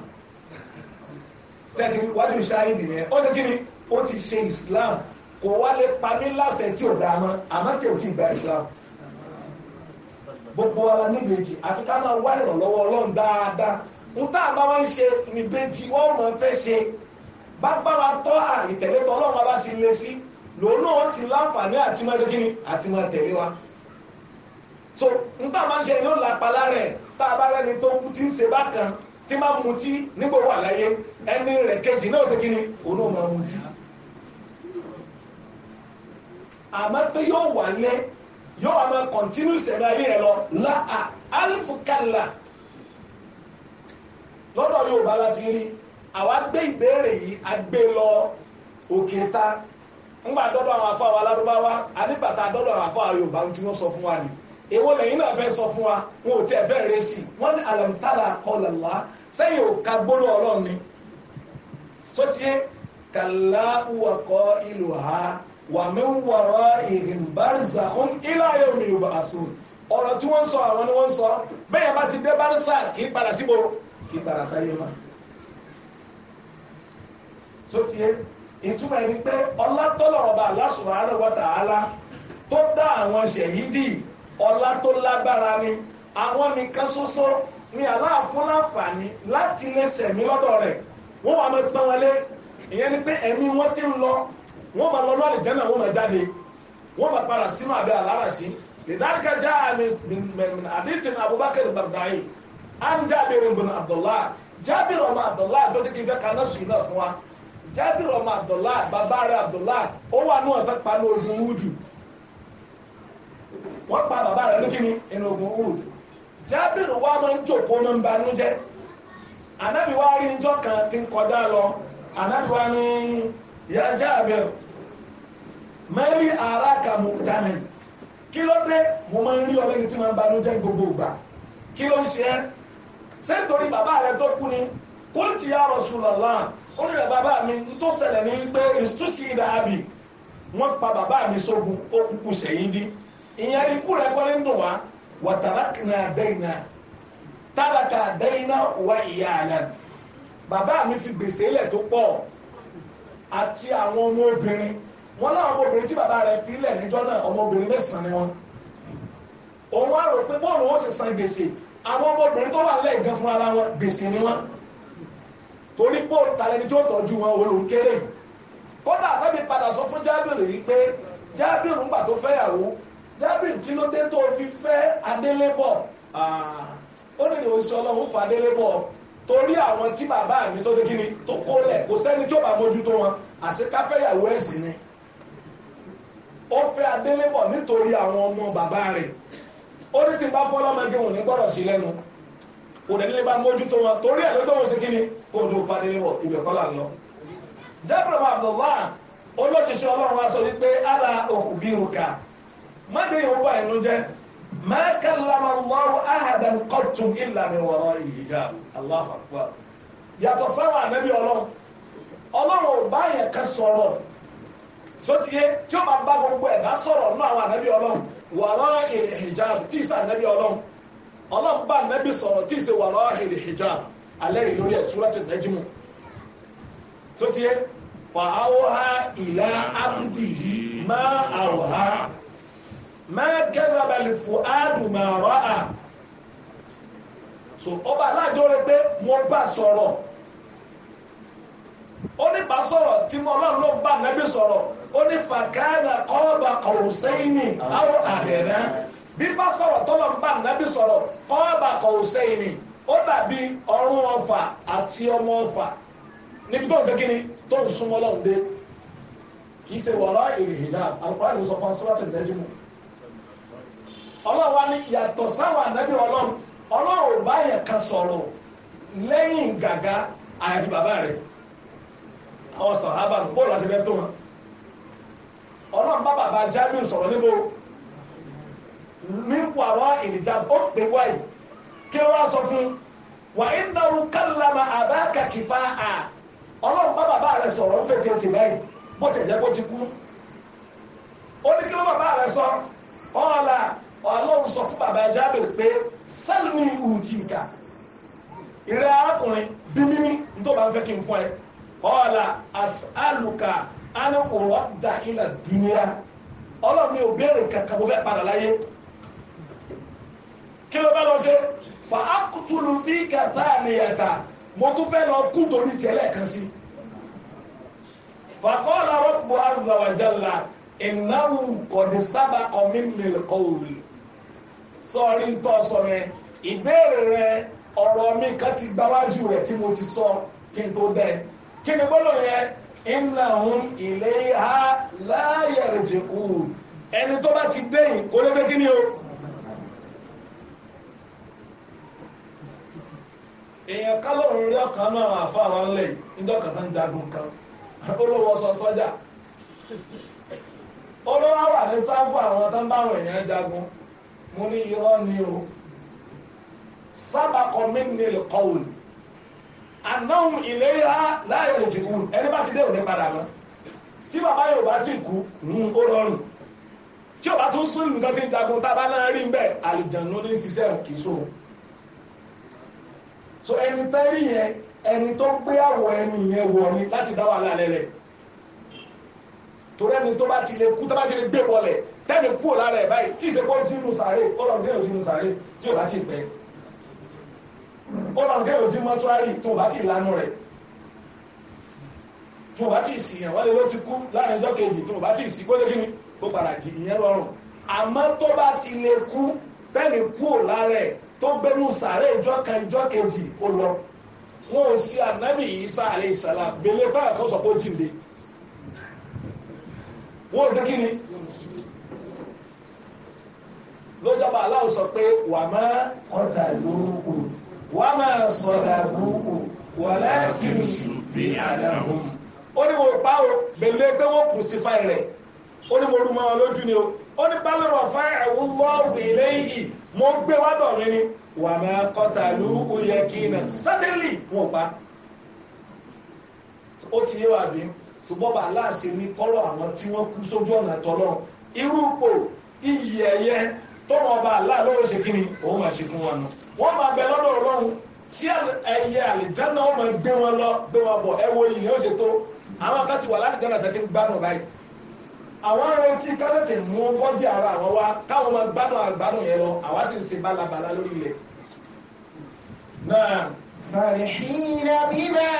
tẹ́tí wá ti ṣe ayé ó ṣe ti ṣe Islam kò wá lè pa tí ò dáa mọ́ ti gba Islam gbogbo ara níbejì àti ká máa wá ìrànlọ́wọ́ ọlọ́run dáadáa a bá wá ṣe níbejì fẹ́ ṣe bá tọ́ ọlọ́run bá sí. lòun náà ti láǹfààní àti kí ni àti tẹ̀lé wa so nígbà máa ń ṣe ni ó lápá lára ẹ̀ bá a bá rẹni tó kú tí ń ṣe bákan tí máa mutí nígbà wà láyé ẹni kejì náà ṣe kí ni òun náà máa mutí àmọ́ pé yóò wà lẹ́ yóò wà máa kọ̀ntínú ìṣẹ̀lẹ̀ ayé lọ láà alifukala lọ́dọ̀ rí àwa gbé ìbéèrè yìí òkè ta ńgbà dọ́dọ̀ àwọn afọ àwọn alárúbáwá ànígbàtà dọ́dọ̀ àwọn afọ àwọn yorùbá tí wọ́n sọ fún wa ni èwo lẹ́yìn náà fẹ́ sọ fún wa wọn ò tiẹ̀ fẹ́ rẹ sí i wọ́n ní àlàmútàlà ọ̀làlá sẹ́yìn ò ka gbóló ọlọ́run ni tó tiẹ́ kàlá wọ̀kọ́ ìlú ha wà mí wọ̀rọ̀ ìrìnbárìsà ń ilá yóò mi yorùbá àṣọ ọ̀rọ̀ tí wọ́n sọ àwọn ni wọ́n sọ bẹ́ẹ̀ bá ti dé bárìsà kì í padà síbo kì í padà sáyé máa tó tiẹ́ ìtumọ̀ ẹni pé ọlá tọ́lọ̀ọba Allah subhanahu wa ta'ala tó dá àwọn ṣẹ̀yídì ọlá tó lágbára ni àwọn nìkan ṣoṣo ni Allah fún láǹfààní láti lè sẹ̀mí lọ́dọ̀ rẹ̀ wọ́n wà máa gbọ́n wọlé ìyẹn ni pé ẹ̀mí wọn ti ń lọ wọ́n máa lọ lọ́ọ̀lì jẹ́nà wọ́n máa jáde wọ́n máa padà sínú àbẹ́ àlárasí lidhalika jaa min hadithin Abubakar al-Baghdadi an Jabir ibn Abdullah Jabir ọmọ Abdullah àti ọdún kìí fẹ́ kaná sùn náà fún wa jábìrì ọmọ abdullahi bàbá rẹ̀ abdullahi ó wà ní ọ̀fẹ́ paná ogun wúdù wọ́n pa bàbá rẹ̀ lókè ní ẹnu ogun wúdù jábìrì wa máa ń jòkó ní banújẹ́ ànábì wa rí njọ́ kan tí ń kọjá lọ ànábì wa ní ya jábìrì mẹ́rí ara kà mú dání kí ló dé mo máa ń rí ọ̀rẹ́ mi tí máa ń banújẹ́ gbogbo ìgbà kí ló ń ṣe é ṣé nítorí bàbá tó kú ni kó ti yá Rasulullah ó ní bàbá mi tó ṣẹlẹ̀ ní pé ìtúsí ibà àbí wọ́n pa bàbá mi sógun ó kúkú sẹ́yìn dí ìyẹn ikú rẹ̀ kọ́lé ń dùn wá wàtàlákìnà àdẹ́yìnà tálákà àdẹ́yìnà wà ìyá àlẹ́ bàbá mi fi gbèsè ilẹ̀ tó pọ̀ àti àwọn ọmọ obìnrin wọn náà ọmọ obìnrin tí bàbá rẹ̀ fi ilẹ̀ níjọ́ náà ọmọ obìnrin mẹ́sàn-án ni wọn òun á rò pé bọ́ọ̀lù wọn sì san gbèsè àwọn ọmọ obìnrin tó wà lẹ́yìn gan fúnra wọn gbèsè ni wọn torí pé òǹtalẹ́ni tí ó tọ́jú wọn òun lòún kéré kódà àtẹ́bí padà sọ fún jábìrì wípé jábìrì ńgbà tó fẹ́yàwó jábìrì kí ló dé tó fi fẹ́ adélébọ̀ ah, ó ní ìròyìn ọlọ́run fún adélébọ̀ torí àwọn tí bàbá mi tó dé kíni tó kó lẹ̀ kò sẹ́ni tó bá mójútó wọn àṣekáfẹ́yàwó ẹ̀sìn ni ó fẹ́ adélébọ̀ nítorí àwọn ọmọ bàbá rẹ̀ ó ní ti bá fọlọ́mọdé òun ní gbọ́dọ̀ sí lẹ́nu òun ní lè bá mójútó wọn torí ẹ̀ ló dọ́wọ́ sí kíni kóun tó fadé wọ̀ ibẹ̀ kọ́ là ń lọ. jábìrì máa bọ̀ wá olójúṣe ọlọ́run wa sọ wípé ara òkú bí ruka mọ́tò yìí wọ́n bá ẹnu jẹ́ máa kallama Allahu ahadan qattu illa min wara'i hijab Allahu akbar yàtọ̀ sáwọn ànábì ọlọ́run ọlọ́run ò bá yẹn kan sọ̀rọ̀ tó ti yé tí ó máa bá gbogbo ẹ̀ bá sọ̀rọ̀ náà àwọn ànábì ọlọ́run wara'i hijab tí ì sàn ọlọ́run ọlọ́run bá ànábì sọ̀rọ̀ tí sẹ́ wara'i hijab alẹ́rìí lórí ẹ̀ súrọ́tì nẹ́jìmù tó tiẹ́ fàáwọ́há ìlà ámdì yìí má àròhá má kẹ́sàbàlì fún àdùmọ̀rọ̀ à so ọba aláàjọ rẹ pé mo bá sọ̀rọ̀ ó ní bá sọ̀rọ̀ tí mo ọlọ́run ló bá nẹ́bí sọ̀rọ̀ ó ní fàkàlà kọ́ọ̀bà kọ̀ọ̀sẹ́yìnì àwọn àbẹ̀rẹ̀ bí bá sọ̀rọ̀ tọ́lọ̀ ń bá nẹ́bí sọ̀rọ̀ kọ́ọ̀bà kọ̀ọ̀sẹ́yìnì ó dàbí ọrún ọfà àti ọmọ ọfà ní tó ń ṣe tó ń súnmọ́ lọ́hùn dé kì í ṣe èrè hijab alukóra ìlú sọ fún asọ́láṣẹ́ ìdájú mu ọlọ́wà ni yàtọ̀ sáwọn ànábì ọlọ́run ọlọ́run bá sọ̀rọ̀ lẹ́yìn àyàfi bàbá àwọn sàhábà bóòlù àti bẹ́ẹ̀ tó wọn ọlọ́run bá bàbá jábìn sọ̀rọ̀ níbo kí sọ fún wà á nàrú kálàmà àbáàkà kìfà à ọlọ́run bá bàbá rẹ sọ̀rọ̀ ń fètè tì báyìí bó tẹ̀lé bó ti kú kí bàbá rẹ sọ ọ̀la ọlọ́run sọ fún bàbá Jábìrì pé sálmi ùtìkà ìrẹ́ arákùnrin bí mímí bá ń fẹ́ kí n ẹ ilà ọlọ́run mi ò béèrè fẹ́ padà láyé fa akutulu fi kàtà àníyàtà mo tún fẹ́ lọ kú torí tẹ́lẹ̀ kan sí. fàkọ́lá rọ́pò azza jalla ìnáwó kọ̀dé sábà ọ̀mí mìíràn òòlù sọ́ọ́rí ń tọ́ sọ yẹn ìbéèrè rẹ ọ̀rọ̀ mi kan ti gbáwájú rẹ̀ tí mo ti sọ kí n tó dẹ́ kí ni gbọ́dọ̀ yẹn ìnáwó ilé ha láyẹ̀rẹ̀ jẹ̀kú ẹni tó bá ti dẹ́yìn kó lé fẹ́ kí ni o. èèyàn kálọ̀rọ̀ rí ọ̀kan náà àwọn àfa àwọn ńlẹ̀ ìdọ́kan náà ń dagun kan olówó sọ sọ́jà olówó wà ní sáfù àwọn tó ń bá àwọn èèyàn jagun mo ní irọ́ ni o sábàkọ̀ mi ní kọ́wùn ànáhùn ìlera láyọ̀ òjìkú ẹni bá ti dé òní padà mọ́ tí bàbá yóò bá ti kú ó rọrùn tí ò bá tún sún nǹkan tí ń jagun tábà náà rí ń bẹ́ẹ̀ àlùjànnú ní ṣiṣẹ́ kìí sóhun so ẹni tẹ́rì yẹn ẹni tó gbé àwọ̀ ẹni yẹn wọ̀ ni láti dá wàhálà lẹ́lẹ̀ torí ẹni tó bá ti lè kú tó bá ti lè gbé wọlẹ̀ tẹ́lẹ̀ kú ò lára ẹ̀ báyìí tí ìsèpọ̀ ti nù sàárè ọlọ́run kẹ́yọ̀ ti nù sàárè tí ò bá ti pẹ́ ọlọ́run kẹ́yọ̀ ti mọ́túárì tí ò bá ti lanu rẹ̀ tí ò bá ti sìn yẹn wọ́n lè ló ti kú láàrin ọjọ́ kejì tí ò bá ti sìn kólé kíni ó padà jì ìyẹn rọrùn àmọ́ tó bá ti lè kú tẹ́lẹ̀ kú ò lára tó gbẹnu sàárẹ̀ ìjọ kan ìjọ kejì ó lọ wọn ò sí ànábì Ìsá alayhi salam gbélé báyà kan sọ pé ó jìnde wọn ò sí kí ni lójọba aláwọ sọ pé wà má kọta lórúkọ wà má sọdà lórúkọ wà láàkì bí àdáhùn. ó ní mo pa o gbèlè pé wọ́n kù sí fáì ó ní mo rú mọ́ ọ lójú ni o ó ní bá lọ́rọ̀ fáì ẹ̀wù lọ́ọ̀rù ilé yìí mo gbé wá dọ̀rin ni wà máa kọ́ta ló ó yẹ kí n náà suddenly wọn pa ó ti yé wa bí ṣùgbọ́n bá aláàṣẹ ní kọ́lọ̀ àwọn tí wọ́n kú sójú ọ̀nà tọ́lọ̀ irú ipò iyì ẹ̀yẹ tọ́mọ ọba aláàlọ́wọ́ ṣe kí ni òun máa ṣe fún wọn nù wọ́n máa bẹ lọ́dọ̀ ọlọ́run tí ẹyẹ àlìjáná wọn máa gbé wọn lọ gbé wọn bọ̀ ẹ wo iyì ó ṣe tó àwọn akẹ́tù wà láti dáná àtàtì gbánú báyìí àwọn arẹtí kálẹ̀tì mú bọ́dì ara àwọn wa káwọn máa gbádùn àgbádùn yẹn lọ àwa sì ń ṣe bálabàla lórí ilẹ̀ náà. فرحين بما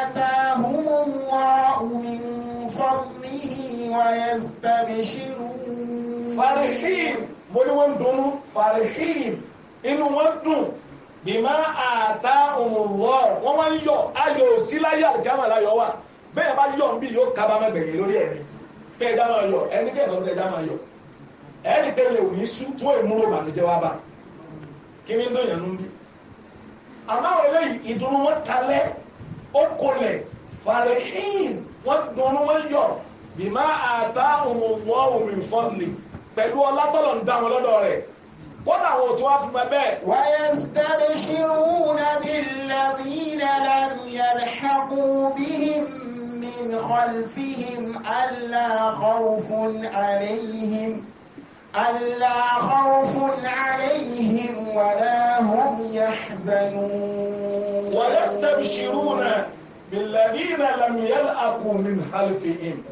آتاهم الله من فضله ويستبشرون فرحين mo ní wọ́n ń dunnú farihin inú wọn dùn bímọ àtà òmùwọ̀ wọ́n wá ń yọ̀ ayọ̀ sí láyé àdìgámà láyọ̀ wà bẹ́ẹ̀ bá yọ̀ ń bí yóò kábàámọ̀ gbẹ̀yìn lórí ẹ̀mí bẹ́ẹ̀ dá máa yọ ẹni kẹ́ ẹ̀dọ́ bẹ́ẹ̀ dá máa yọ ẹni pé lè wí sú tó ìmúlò bànújẹ́ wá bá kí ni dóyàn ń bí. àmọ́ àwọn eléyìí ìdùnnú wọn talẹ́ ó kolẹ̀ fàlẹ́hìn wọn dùnnú wọn yọ bìmá àtà òmùwọ́ òmìnfọ́nlì pẹ̀lú ọlátọ́lọ̀ ń dá wọn lọ́dọ̀ rẹ̀ kódà àwọn òtún wá fún mi bẹ́ẹ̀. wàyẹ̀sítẹ́rì ṣírùn nàbí làbí nàlàbí àlẹ́ من خلفهم ألا خوف عليهم ألا خوف عليهم ولا هم يحزنون ويستبشرون بالذين لم يلأقوا من خلفهم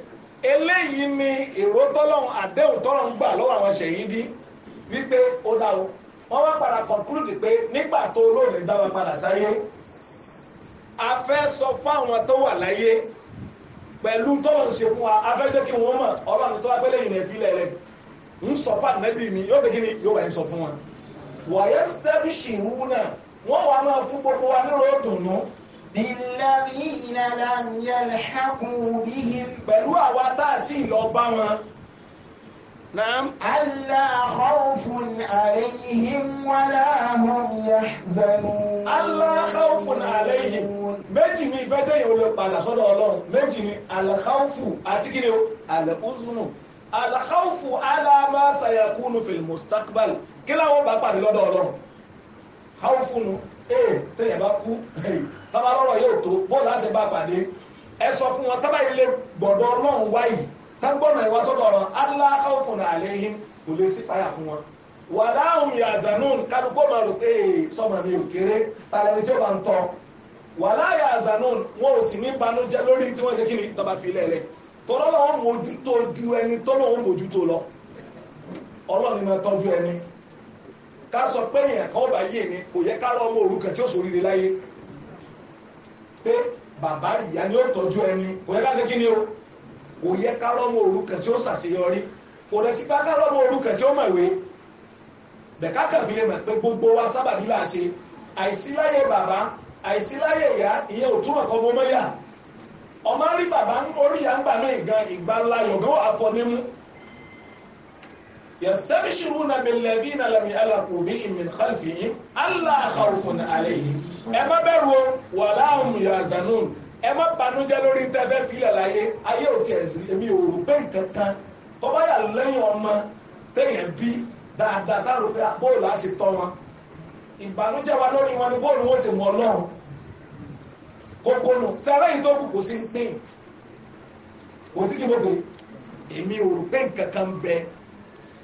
eléyìí ni èrò tọ́lọ́run àdéhùn tọ́lọ́run gbà lọ́wọ́ àwọn ṣèyídí wípé ó dá o wọ́n wá padà conclude pé nígbà tó olóòlù dá wa padà sáyé a fẹ́ sọ fáwọn tó wà láyé pẹ̀lú tọ́lọ̀ ń ṣe fún wa afẹ́jẹ́ kí wọ́n mọ̀ ọlọ́run tó wápẹ́lẹ̀ yìí nẹ̀bí lẹ̀lẹ̀ ń sọ fún ànẹ́bí mi yóò fẹ́ kí ni yóò wà ń sọ fún wa. wọ̀nyẹ́ stẹ́bíṣì wú náà wọ́n wà máa fún gbogbo wa nírò dùnú. bíláàbí ìlànà yẹn lẹ́hàkùn bíi. pẹ̀lú àwa tá àti bá wọn نعم ألا خوف عليهم ولا هم يحزنون ألا خوف عليهم méjì ni bẹ́tẹ̀ yìí ó lè padà sọ́dọ̀ ọlọ́run méjì ni alakawufu àti kí ni o alakuzunu alakawufu alama sayakunu fil mustakbal kí làwọn bá pàdé lọ́dọ̀ ọlọ́run kawufu nu ee tẹ̀yẹ̀ bá kú bàbá lọ́rọ̀ yóò tó bóòlù àti bá pàdé ẹ sọ fún wọn tábàyí lè gbọ̀dọ̀ ọlọ́run wáyìí tágbọ́nà ìwà sọ́dọ̀ ọ̀rọ̀ aláàkọ́ fún àlẹ́yìn kò lè sí páyà fún wọn wà láhùn yàzánún kálukú máa rò pé sọmọ mi ò kéré tàlẹ́ni tí ó bá ń tọ́ wà láyà àzánún wọn ò sì ní banújẹ́ lórí tí wọ́n ṣe kí ni tọba fi lẹ́lẹ̀ tọ́lọ́ lọ́wọ́ mójútó ju ẹni tọ́lọ́ wọn mójútó lọ ọlọ́run ni máa tọ́jú ẹni ká sọ pé èèyàn kan bá yé mi kò yẹ ká lọ ọmọ òrukàn tí ó ṣoríire láyé pé bàbá ìyá ni ó tọ́jú ẹni kò yẹ ká ṣe kí ni o kò yẹ ká rọ́mọ òrukàn tí ó ṣàṣeyọrí kò lè sí ká ká rọ́mọ òrukàn tí ó mọ̀wé bẹ̀ká kàfi lè mọ̀ pé gbogbo wa sábàbí là ń ṣe àìsí láyé bàbá àìsí láyé ìyá ìyẹn ò túmọ̀ kọ́ ọmọ yà ọmọ rí bàbá orí ìyá ń gbà náà ìgbà ìgbà ńlá yọ̀gán àfọ̀nímú يستبشرون بالذين لم يلقوا بهم من خلفهم ألا خوف عليهم ẹ má bẹ̀rù o ولا هم يحزنون ẹ má banújẹ́ lórí tẹ́fẹ́ filẹ̀ láyé ayé ò tiẹ̀ èmi ò rò pé nǹkan kan tó bá yà lẹ́yìn ọmọ téèyàn bí dáadáa dáàrò pé ah, bóòlù á sì tọ́ wọn ìbànújẹ́ wa lórí wọn ni bóòlù wọn sì mọ ọlọ́run kókó nù sẹ́rẹ́ yìí tó kù kò sí pín kò sí kí gbogbo èmi ò rò pé nǹkan bẹ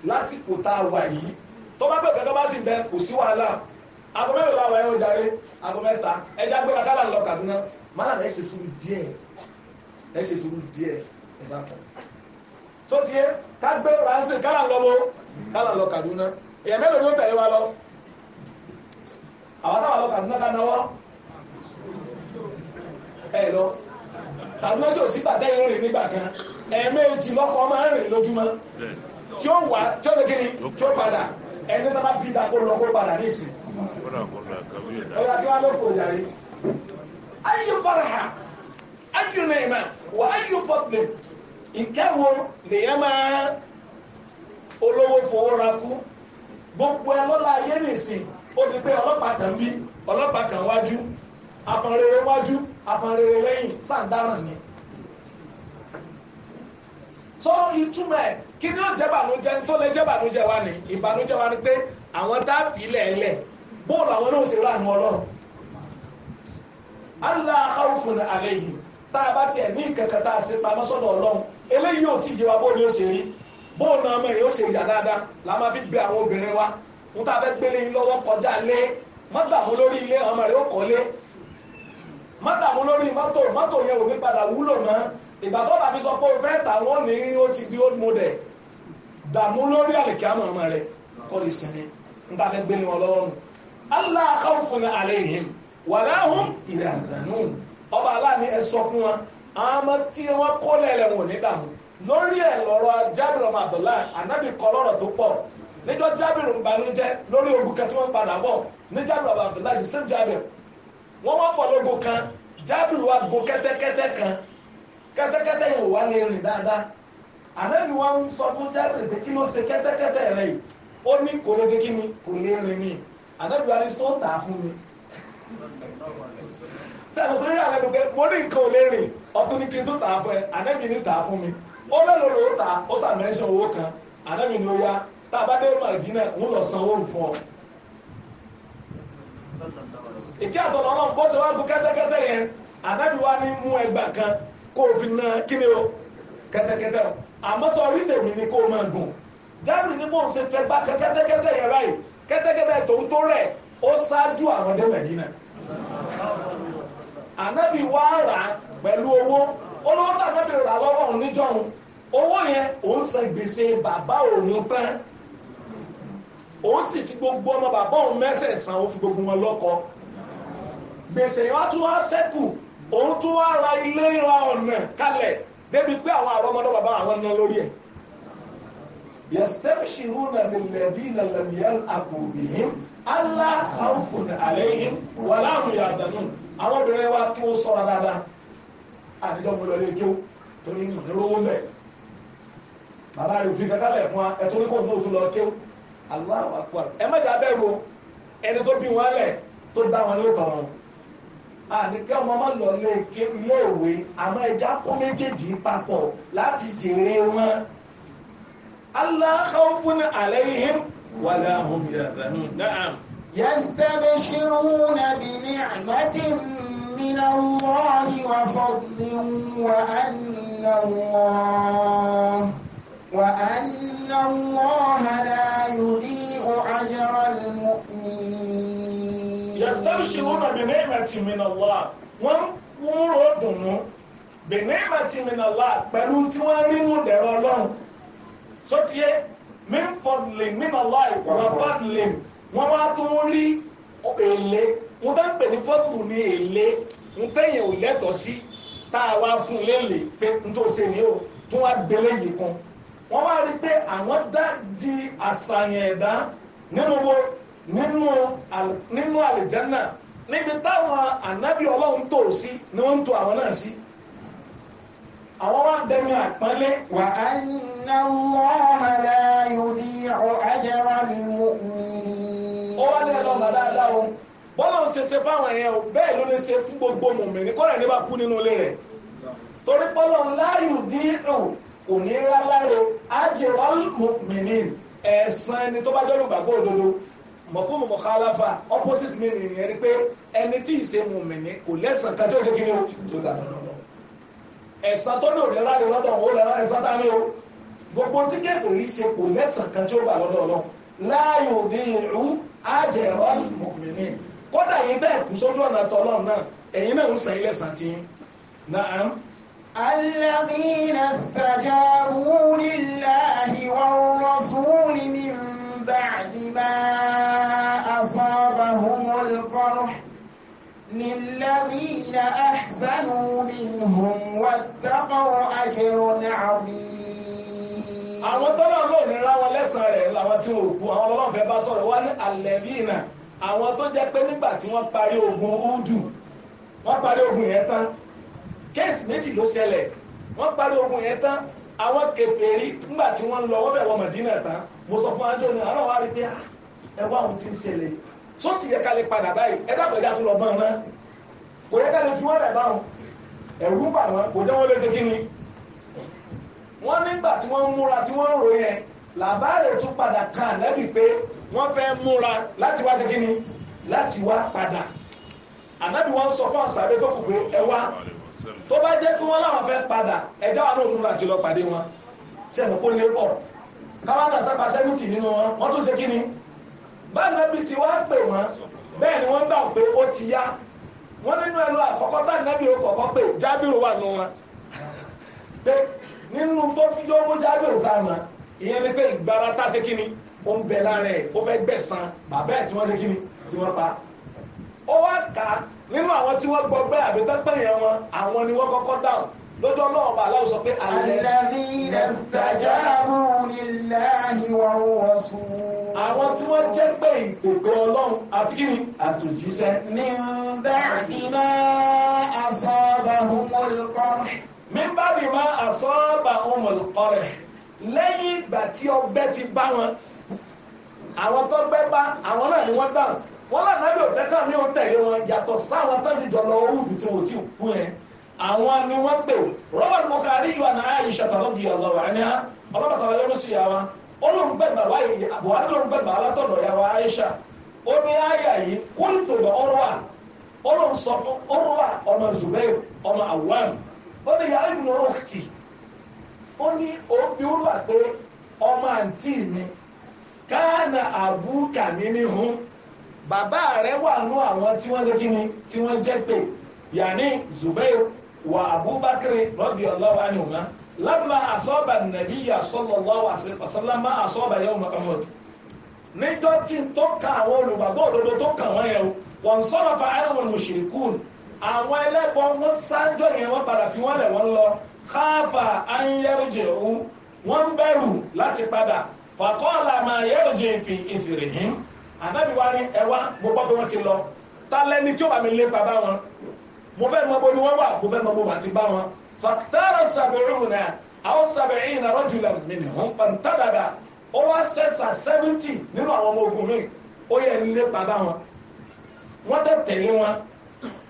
lásìkò tá a wà yìí tó bá bẹ̀rẹ̀ bá sì bẹ kò sí wàhálà àgọ́ mẹ́rin làwọn ẹ̀ ń darí àgọ́ mẹ́ta ẹ̀ lọ Kàdúná mara rẹ̀ ṣe sùúrù díẹ̀ rẹ̀ ṣe sùúrù díẹ̀ ẹ̀dá kan tó tiẹ̀ ká gbé ránṣẹ́ kálà lọ́wọ́ kálà lọ Kaduna èèyàn mélòó ló tẹ̀lé wa lọ àwọn táwọn lọ Kaduna ká náwó ẹ lọ Kaduna tí ò sí bàtà ìrìn rìn nígbà kan ẹ̀ẹ̀mejì lọ́kọ̀ máa ń rìn lójúmọ́ tí ó wà tí ó lè kiri tí ó padà ẹni tó bá bí dákó lọ kó padà ní ìsìn. ó yà kí wọ́n á lọ kó yàrá أي فرحة أي نعمة وأي فضل إن nìyẹn نعمة olówó fowó ra kú gbogbo ẹ lọ́la ayé nìsín ó ti pé ọlọ́pàá kan bí ọlọ́pàá kan wájú afanrere wájú afanrere lẹ́yìn sàǹdáràn ni. tó ìtumọ̀ ẹ̀ kí ni ó jẹ́ bànújẹ́ tó lè jẹ́ bànújẹ́ wa ni ìbànújẹ́ wa ni pé àwọn tá a fi ilẹ̀ bóòlù àwọn náà ó sì rà nù ọlọ́run. Allah khawfun alayhim tá a bá tiẹ̀ ní kankan tá a ṣe pamọ́ sọ́dọ̀ ọlọ́run eléyìí ò o di wa ni ṣe rí bóun náà mọ̀ èyí la máa fi gbé àwọn obìnrin wa n ta fẹ́ gbélé lọ́wọ́ kọjá lé mọ́tàmú lórí ilé ọmọ rẹ̀ ó kọ́lé mọ́tàmú lórí mọ́tò mọ́tò yẹn ò ní padà wúlò náà ìgbà tó sọ pé o fẹ́ tà wọ́n ní ó ti di old model dààmú lórí ọmọ wàláhùn ìdàzànùn ọba aláàní ẹ sọ fún wa àmọ́ tí wọ́n kó lẹ́lẹ̀ wọn nígbà wọn lórí ẹ̀ lọ́rọ̀ jábìrì ọmọ àdọ́lá ànábì kọ́ lọ́rọ̀ tó pọ̀ níjọ́ jábìrì ń banújẹ́ lórí ogun kan tí wọ́n padà bọ̀ ní jábìrì ọmọ àdọ́lá yìí sí jábìrì wọ́n wọ́n pọ̀ lógun kan jábìrì wa gun kẹ́tẹ́kẹ́tẹ́ kan kẹ́tẹ́kẹ́tẹ́ yìí wà ní rìn dáadáa ànábì wa ń sọ fún jábìrì pé kí ló ṣe kẹ́tẹ́kẹ́tẹ́ rẹ̀ yìí ó ní kò lè ṣe kí ni kò lè rìn mí ànábì wa ní sọ́ọ̀tà fún mi sẹ́nu tó yà lẹ́nu pé mo ní nǹkan ò lè rìn ọtún ní kí n tó tà á fún ẹ ànẹ́mi ní tà á fún mi ó lẹ́nu ló tà ó sàmẹ́sàn owó kan ànẹ́mi ló yá tá a bá dé màdínà ń lọ sanwó fún ọ. ìkí àtọ̀nà ọlọ́run bó ṣe wá gun kẹ́tẹ́kẹ́tẹ́ yẹn ànẹ́mi wá ní mú ẹgbà kan kó o fi na kí ni o kẹ́tẹ́kẹ́tẹ́ o àmọ́ sọ orí tèmi ni kó o máa gùn jáde ní mò ń ṣe fẹ́ gbá kẹ́tẹ́kẹ́tẹ́ yẹn ó ṣáájú àwọn dé Mẹ̀dínà ànábì wá rà pẹ̀lú owó olówó náà ànábì rà lọ́wọ́ òun níjọ́run owó yẹn òun san gbèsè bàbá òun tán òun sì fi gbogbo ọmọ bàbá òun mẹ́sẹ̀ẹ̀sán òun fi gbogbo wọn lọ́kọ gbèsè yẹn wá tún wá sẹ́kù òun tún wá ra ilé ra ọ̀nà kalẹ̀ débi pé àwọn àrọ́mọdọ́ bàbá àwọn ná lórí ẹ̀ yastẹ́fìṣirú nàbìlẹ̀bí nàlẹ́bíyàn àkùnbìyàn allah khawfun alayhim wala hum yahzanun àwọn obìnrin wa tó sọ̀rọ̀ dáadáa àdìjọ́ mo lọ lé jó torí mo ní lówó mẹ́ bàbá rẹ̀ òfin kankan lẹ̀ fún wa ẹ̀ tó ní kò ní òtún lọ jó allah akbar ẹ má jà bẹ́ẹ̀ wo ẹni tó bí wọn lẹ̀ tó dá wọn lé tọ̀run àníkẹ́ ọmọ máa lọ lé ìwé àmọ́ ẹja kó méjèèjì papọ̀ láti jèrè wọn allah khawfun alayhim wàlá hum yahzanun na'am. يستبشرون بنعمة من الله وفضل وأن الله وأن الله لا يضيع أجر المؤمنين يستبشرون بنعمة من الله wọ́n wúrò بنعمة من الله pẹ̀lú tí wọ́n rí mú min fọdùlẹ̀ min aláì wà fọdùlẹ̀ wọ́n wá tó rí èlé wọ́n bá ń pè ní fọ́tù ní èlé ń tẹ̀yìn ò lẹ́tọ̀ọ́ sí tá a wá fún lélẹ̀ pé n tó ṣe ni ó tó wá gbélé yìí kan wọ́n wá rí pé àwọn dá di àṣàyàn ẹ̀dá nínú wo nínú nínú àlìjánà níbi táwọn ànábì ọlọ́run tò sí ni wọ́n ń àwọn náà sí. Si àwọn wá dẹni àpọ́nlé. wà á ná lọ́ọ̀rọ̀ la yòdì ọ̀ ajẹ́rọ̀ ni mo mìíní. ó wá ní ẹlọ́mọ dáadáa o bọ́lá ń ṣeṣe fáwọn èèyàn o bẹ́ẹ̀ ló lè ṣe fún gbogbo mòmìnir kọ́ra ẹni bá kú nínú ilé rẹ̀ torí bọ́lá ń láyò dín ọ̀ kò ní láláre ajẹ́rọ̀ mòmìnir ẹ̀sán ẹni tó bá jẹ́ olùgbàgbọ́ òdodo mọ̀fúnmù mọ̀kálàfà opposite meaning yẹn ni pé ẹni tí ì ṣe mòmìnir kò lẹ́sàn kájọ́ ìṣèkiri o tó dàgbà ẹ̀sán tó ní òde láti lọ́dọ̀ òun ó lọ láti sátá ní o gbogbo tí kéèkì rí ṣe kò lẹ́sàn kan tí ó gbà lọ́dọ̀ náà láàyò òde ìlú àjẹrọ mọ̀mìnì kódà yìí bẹ́ẹ̀ kù sójú ọ̀nà tọ́lọ́ náà ẹ̀yin náà ń sẹ́yìn lẹ́sàn tí náà. الذين استجابوا لله والرسول من بعد ما أصابهم القرح للذين أحسنوا منهم واتقوا أجر عظيم àwọn tọ́lọ̀ ló ní ra wọn lẹ́sàn-án rẹ̀ làwọn tí ò bu àwọn ọlọ́run fẹ́ bá sọ̀rọ̀ wá ní àlẹ́bíìnà àwọn tó jẹ́ pé nígbà tí wọ́n parí ogun udu wọ́n parí ogun yẹn tán kéèsì méjì ló ṣẹlẹ̀ wọ́n parí ogun yẹn tán àwọn kèfèrí nígbà tí wọ́n lọ wọ́n bẹ̀ wọ Mọ̀dínà tán mo sọ fún adé ni àwọn wa rí pé ah, ẹ wá ohun tí ń ṣẹlẹ̀ yìí tó sì yẹ ká lè padà báyìí ẹ dábàá ìjà tó lọ bọ́n náà kò yẹ ká lè fi wọ́n rẹ̀ báwọn ẹ̀rú bà wọ́n kò jẹ́ wọ́n lè ṣe kí ni. wọ́n nígbà tí wọ́n ń múra tí wọ́n ń ro yẹn làbáàrè tún padà kan lẹ́bi pé wọ́n fẹ́ múra láti wá ṣe kí ni láti wá padà. ànábì wọn sọ fún àṣàbẹ tó kù pé ẹ wá tó bá jẹ́ pé wọ́n láwọn fẹ́ padà ẹjọ́ wa náà múra jùlọ pàdé wọn tí ẹ̀ báńkì bí sì wá pè wọ́n bẹ́ẹ̀ ni wọ́n gbà pé ó ti yá wọ́n nínú ẹlò àkọ́kọ́ báńkì bí ó kọ́kọ́ pé jábìrò wà nù wọn pé nínú tó fi yọ owó jábìrò sáàmà ìyẹn ni pé ìgbára tá ṣe kíni ó ń bẹ lára ẹ̀ ó fẹ́ gbẹ̀san bàbá ẹ̀ tí wọ́n ṣe kíni tí wọ́n pa ó wá kà nínú àwọn tí wọ́n gbọ́ pé àbẹ̀tẹ́pẹ̀yẹ wọn àwọn ni wọ́n kọ́kọ́ dáhùn lójú ọlọ́run bá aláwọ̀ sọ pé alẹ́bí ìrẹsìtàjáàbù níláhi wà wọ́n sùn. àwọn tí wọ́n jẹ́ pé ìpèkọ́ ọlọ́run àti kí ni àtòjíṣẹ́. mímbà ìmá àsọ́ọ̀bà ọmọlùkọ́rẹ̀. mímbà ìmá àsọ́ọ̀bà ọmọlùkọ́rẹ̀ lẹ́yìn ìgbà tí ọgbẹ́ ti bá wọn àwọn tó gbẹ́ bá àwọn náà ni wọ́n dáhùn wọ́n lànà bí òfẹ́ náà ní òun tẹ̀lé wọn yàtọ̀ sáwọn tó ti jọ lọ orúkú tí wọ́n kú yẹn àwọn ni wọ́n pè rọ́bà mọ̀kárí yóò àná àyíṣà tàbí di ẹni ha ọlọ́bà sàlàyé ló sì àwọn wáyé buhari alátọ̀dọ̀ ya wa àyíṣà ó ní àyà yìí kúlù tó sọ fún ọmọ zubair ọmọ awam ó ní yàrá ìgbìmọ̀ ó ní òbí pé ọmọ àǹtí mi káànà àbúkà mi ní hun bàbá wà nú àwọn tí wọ́n tí wọ́n jẹ́ pé yàní zubair wà Abubakar radiyallahu anhuma lamma asaba an-nabiyya sallallahu alaihi wasallam ma asaba yawm Uhud níjọ́ tí ń tó ka àwọn olùgbàgbọ́ òdodo tó kà wọ́n yẹn o wọ́n sọ̀rọ̀ fa àwọn mushrikun àwọn ẹlẹ́gbọ́n wọn sáájọ yẹn wọ́n padà fi wọ́n lẹ̀ wọ́n lọ káàbà ayẹ́rìjẹ̀ òun wọ́n ń láti padà fàkọ́ọ̀lá máa yẹ́rìjẹ̀ fi ìsìrì yín ànábìwá ni gbogbo bí wọ́n ti lọ ta tí ó bá mi lépa bá wọn mo fẹ́ mọ bó ni wọ́n wà mo fẹ́ mọ bó ma ti bá wọn fàtàrà sàbẹ̀rùnà àwọn sàbẹ̀yìn náà rọ́jùlá minhum fàtàdàdà ó wá sẹ́sà sẹ́fìntì nínú àwọn ọmọ ogun mi ó yẹ nílé padà wọn wọ́n dẹ̀ tẹ̀lé wọn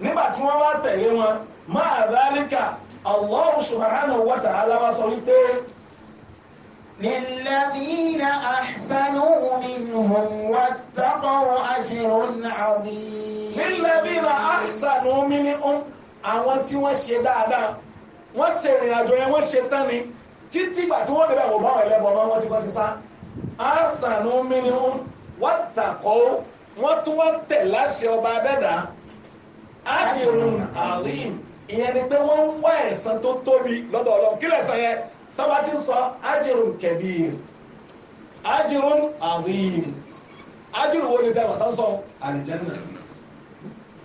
nígbà tí wọ́n wá tẹ̀lé wọn máa dálíkà Allah subhanahu wa ta'ala wá sọ wípé. للذين أحسنوا منهم واتقوا أجر عظيم lílẹ̀bíra àṣàánú mi ní ń àwọn tí wọ́n ṣe dáadáa wọ́n ṣe ìrìn àjò yẹn wọ́n ṣe tán ni títí ìgbà tí wọ́n lè bẹ̀wò báwọn ẹlẹ́bọ̀ máa wọ́n ti wọ́n ti sá àṣàánú mi ní ń wọ́n tàkọ́ wọ́n tún wọ́n tẹ̀ láṣẹ ọba abẹ́dà áṣìrún àlìm ìyẹn ni pé wọ́n ń wá ẹ̀san tó tóbi lọ́dọ̀ ọlọ́run kí lẹ̀san yẹn tọ́ba ti sọ ájìrún kẹ̀bíir ájìrún àlìm ájìrún wo ni dẹ́wọ̀ tó ń sọ àlìjẹ́nà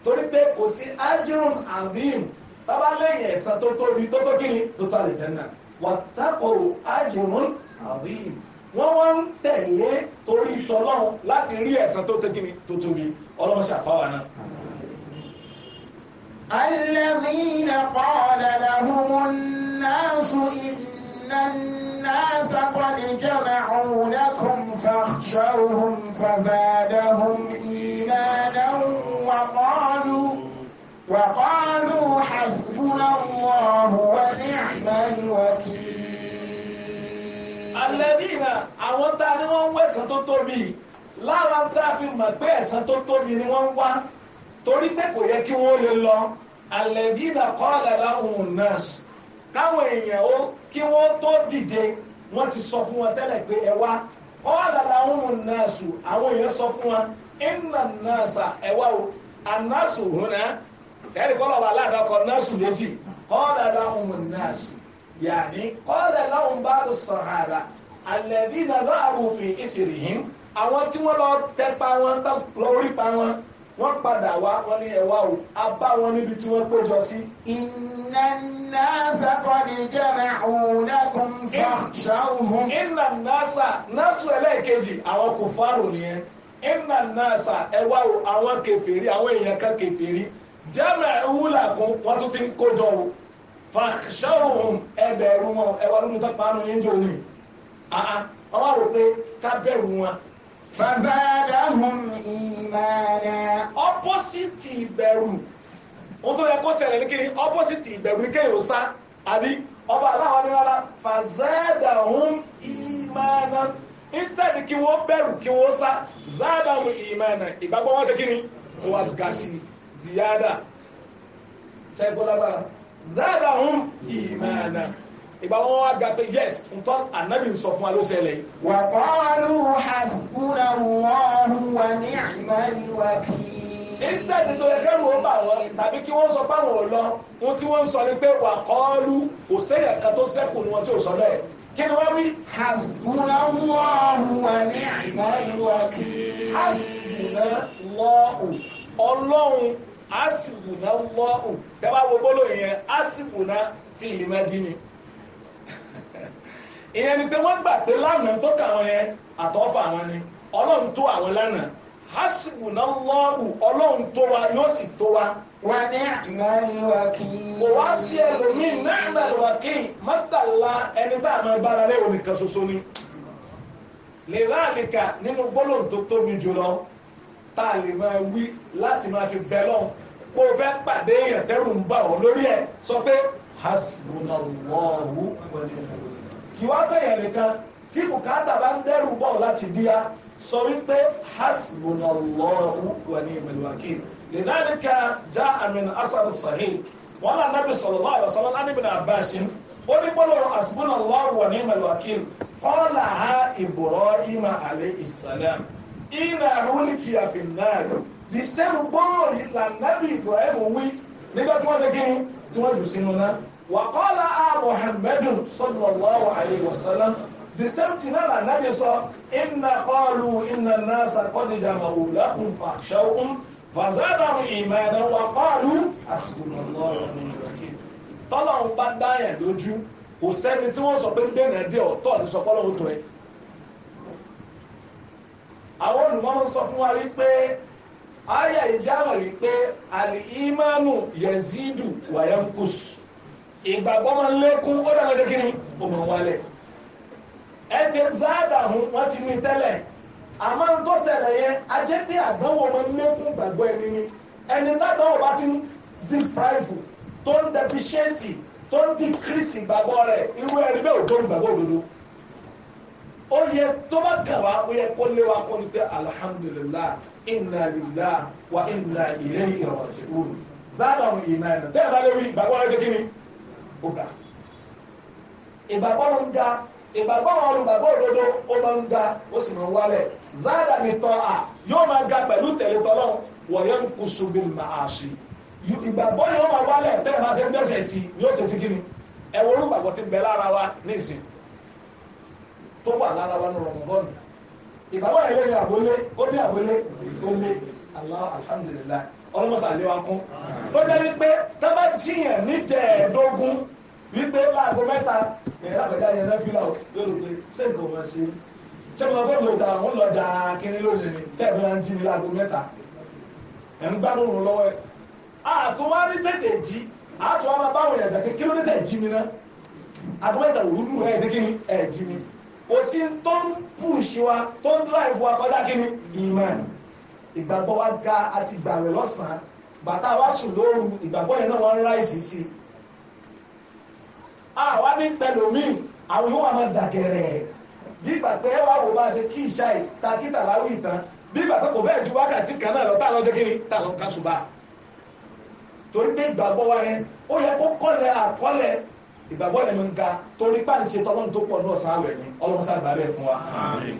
torí pé kò sí ajirun abim bàbá lẹ́yìn ẹ̀san tó tóbi tó tó kíni tó tó àlìjẹ́nà wàtàkọ̀ ajirun abim wọ́n wá ń tẹ̀lé torí tọ́lọ́run láti rí ẹ̀san tó tó kíni tó tóbi ọlọ́run ṣàfáwà náà. الذين قال لهم الناس إن الناس قد جمعوا لكم فاخشوهم فزادهم إيمانا وقالوا وقالوا حسبنا الله ونعم الوكيل الذين àwọn tá a ní wọ́n ń wẹ̀sán tó tóbi lára tá a fi mọ̀ pé ẹ̀san tó tóbi ni wọ́n ń wá الذين قال لهم الناس káwọn èèyàn ó kí wọ́n tó dìde wọ́n ti sọ fún wọn tẹ́lẹ̀ pé ẹ wá ọ̀là làwọn ohun náà sùn àwọn èèyàn sọ fún wọn ìnà náà sà ẹ wá o ànásù hùn náà tẹ́lẹ̀ kọ́ lọ́wọ́ aládàkọ náà sùn létí ọ̀là làwọn ohun náà sùn yàní ọ̀là làwọn bá lọ sàhárà àlẹ́bí náà lọ́wọ́ àwòfin ìsìrì yìí àwọn tí wọ́n lọ tẹ́pa wọn lórí pa wọn wọ́n padà wá wọ́n ní ẹ̀wá o a wọn níbi tí wọ́n péjọ sí. ìnana ìṣàhùn. ìnà nàásà nàásù ẹlẹ́ẹ̀kejì àwọn kò fárò nìyẹn ìnà nàásà ẹwà àwọn kèfèrí àwọn èèyàn kan kèfèrí jẹ́mẹ̀ ìwúlà kún wọ́n tún ti ń kójọ o fàṣàhùn ẹbẹ̀rù wọn ẹwà lómi tó pa ánú yín jò ní. wọ́n wá rò pé ká bẹ̀rù wọn. opposite ìbẹ̀rù yẹ ọba aláwọ̀ ni rárá fàzẹ́dàhùn ìmánà instead kí wọ́n bẹ̀rù kí wọ́n sá zádàhùn ìmánà ìgbàgbọ́ wọn ṣe kí ni wọ́n ga sí ziyada tẹ́gbọ́lágbára zádàhùn ìmánà ìgbà wọn wá gba pé yes ntọ́ ànábì ń sọ fún wa ló ṣẹlẹ̀ yìí. wà á kọ́ hasbúra wọ́ọ̀rù wa ní àìmáyé wa kìí instead tó yẹ kẹ́rù ó bà wọ́n tàbí kí wọ́n sọ báwọn ò lọ ohun tí wọ́n sọ ni pé wà kọ́ọ́lù kò séyàn kan tó sẹ́kù ni wọ́n tí ò sọ bẹ́ẹ̀ kí ni wọ́n wí. hasbuna wọ́ọ̀rù wa ní ìbáyìí wa kí. hasbuna wọ́ọ̀rù ọlọ́run hasbuna wọ́ọ̀rù tẹ́wá gbogbo lóyún yẹn hasbuna fi ìlú mẹ́dínì ìyẹn ni pé wọ́n gbà pé lánàá tó kà wọ́n yẹn àtọ́fà wọn ni ọlọ́run tó àwọn lánàá hasbunallahu ọlọ́run tó wa yóò sì tó wa. wà ní àmàlùwàkìí. kò wá sí ẹlòmíín ní àmàlùwàkìí mọ́tàlá ẹni tá a bára lé òní ṣoṣo ni. lè láàlìkà nínú gbólóhùn tó tóbi jùlọ tá a lè máa wí láti máa fi bẹ lọ́hùn kó o fẹ́ pàdé èèyàn ń bà ọ́ lórí ẹ̀ sọ pé hasbunallahu kì wá sẹ́yìn ẹ̀nìkan tí bùkátà bá ń dẹ́rù sọ wípé hasbunallahu wa ni'mal wakil lidhalika ja'a min asar sahih wọn náà nàbì sallallahu alaihi wasallam náà ibn Abbas ó ní gbọ́dọ̀ hasbunallahu wa ni'mal wakil qala ha Ibrahim alayhi salam ìnà hulikiya fin nar the same gbọ́dọ̀ yìí là nàbì Ibrahim wí nígbà náà wa a Muhammadun sallallahu alaihi wasallam the same thing náà lànàbí sọ iná kọlu iná náà sàkọ́dìjà màwù lẹ́kùn fàṣẹ́wọ́n fàṣẹ́dàrún ìmọ̀ ẹ̀dá wà kọlu àsìkò lọ́wọ́ tọ́lọ̀ ń bá dáyà lójú kò sẹ́ni tí wọ́n sọ pé bẹ́ẹ̀ náà dé ọ̀tọ̀ ní sọpọ́lọ́ òtò ẹ̀. àwọn olùmọ́mọ́ sọ fún wa wípé ayé ìjáwọ̀ wípé àlìímánù yẹ̀zídù wàyẹ̀mkùs ìgbàgbọ́ máa ń lékún ó dàgbà kíni ó máa ń wálẹ̀ pé záàdà hún wọ́n ti ní tẹ́lẹ̀ àmọ́ ń tó ṣẹlẹ̀ yẹn ajẹ́ pé àdánwò máa ń lékún gbàgbọ́ ẹni ni ẹni ládánwò bá ti ń deprive tó ń deficiency tó ń decrease ìgbàgbọ́ rẹ̀ irú ẹni bẹ́ẹ̀ ò tó ń gbàgbọ́ òdodo ó yẹ tó bá kà wá ó yẹ kó lé wa kó ní pé alhamdulilah inna lillah wa inna ilayhi raji'un záàdà hún ìmọ̀ ẹ̀ náà tẹ́lẹ̀ bá lè wí ìgbàgbọ́ rẹ̀ ṣe kí ni ó ga ìgbàgbọ́ ló ń ga ìgbàgbọ́ àwọn olùgbàgbọ́ òdodo ó máa ń ga ó sì máa ń wálẹ̀ záàdà mi tọ́ à yóò máa ga pẹ̀lú tẹ̀lé tọ́lọ́ wọ̀nyẹ́ ń kú subi màá ṣe ìgbàgbọ́ yóò máa wálẹ̀ bẹ́ẹ̀ máa ṣe gbẹ́sẹ̀ sí i yóò ṣe sí kí ni ẹ̀wọ̀n olùgbàgbọ́ ti bẹ lára wa ní ìsìn tó wà lára wa ní rọ̀mọ̀bọ́ọ̀nù ìgbàgbọ́ yẹn lé ní ó ní àbólé ó lé Allah alhamdulillah ọlọ́mọsàn lé wa kún ló jẹ́ wípé tábà wípé láàbò mẹ́ta ẹ̀rọ àgbẹ̀dá yẹn lọ́ fílà lóru pé ṣé nǹkan mọ̀ sí ṣé mo bọ́ lòdà wọn lọ da kiri lónìí mi bẹ́ẹ̀ bí wọ́n ti ní láàbò mẹ́ta ẹ̀ ń gbádùn òun lọ́wọ́ ẹ̀ àtúwárí tètè jí àtúwá máa báwọn ẹ̀dá kékeré ló tẹ̀ jí mi ná àtúwá ìtàn òwúrú ẹ̀ ti kí ni ẹ̀ jí mi kò sí tó ń pùṣì wa tó ń dráìfù wa kọjá kí ni ìmọ̀ ìgbàgbọ́ wa ga àti ìgbàwẹ̀ lọ́sàn-án bàtà wa sùn lóru ìgbàgbọ́ yẹn náà wọ́n ń ráìsì sí i àwa ah, ní pẹlòmíì àwọn yóò wà máa dàgẹ̀rẹ̀ bígbà pé ẹ wá wò bá ṣe kí ìṣá yìí ta kí tàláwì ìtàn bígbà pé kò fẹ́ẹ̀ ju wákàtí kan náà lọ tá a lọ ṣe kí ni tá a lọ ká ṣùgbà torí pé ìgbàgbọ́ wa yẹn ó yẹ kó kọ́lẹ̀ àkọ́lẹ̀ ìgbàgbọ́ rẹ̀ mi ń ga torí pa ṣe tọ́lọ́n tó pọ̀ náà sáà ni ọlọ́run sáà gbàgbé fún wa.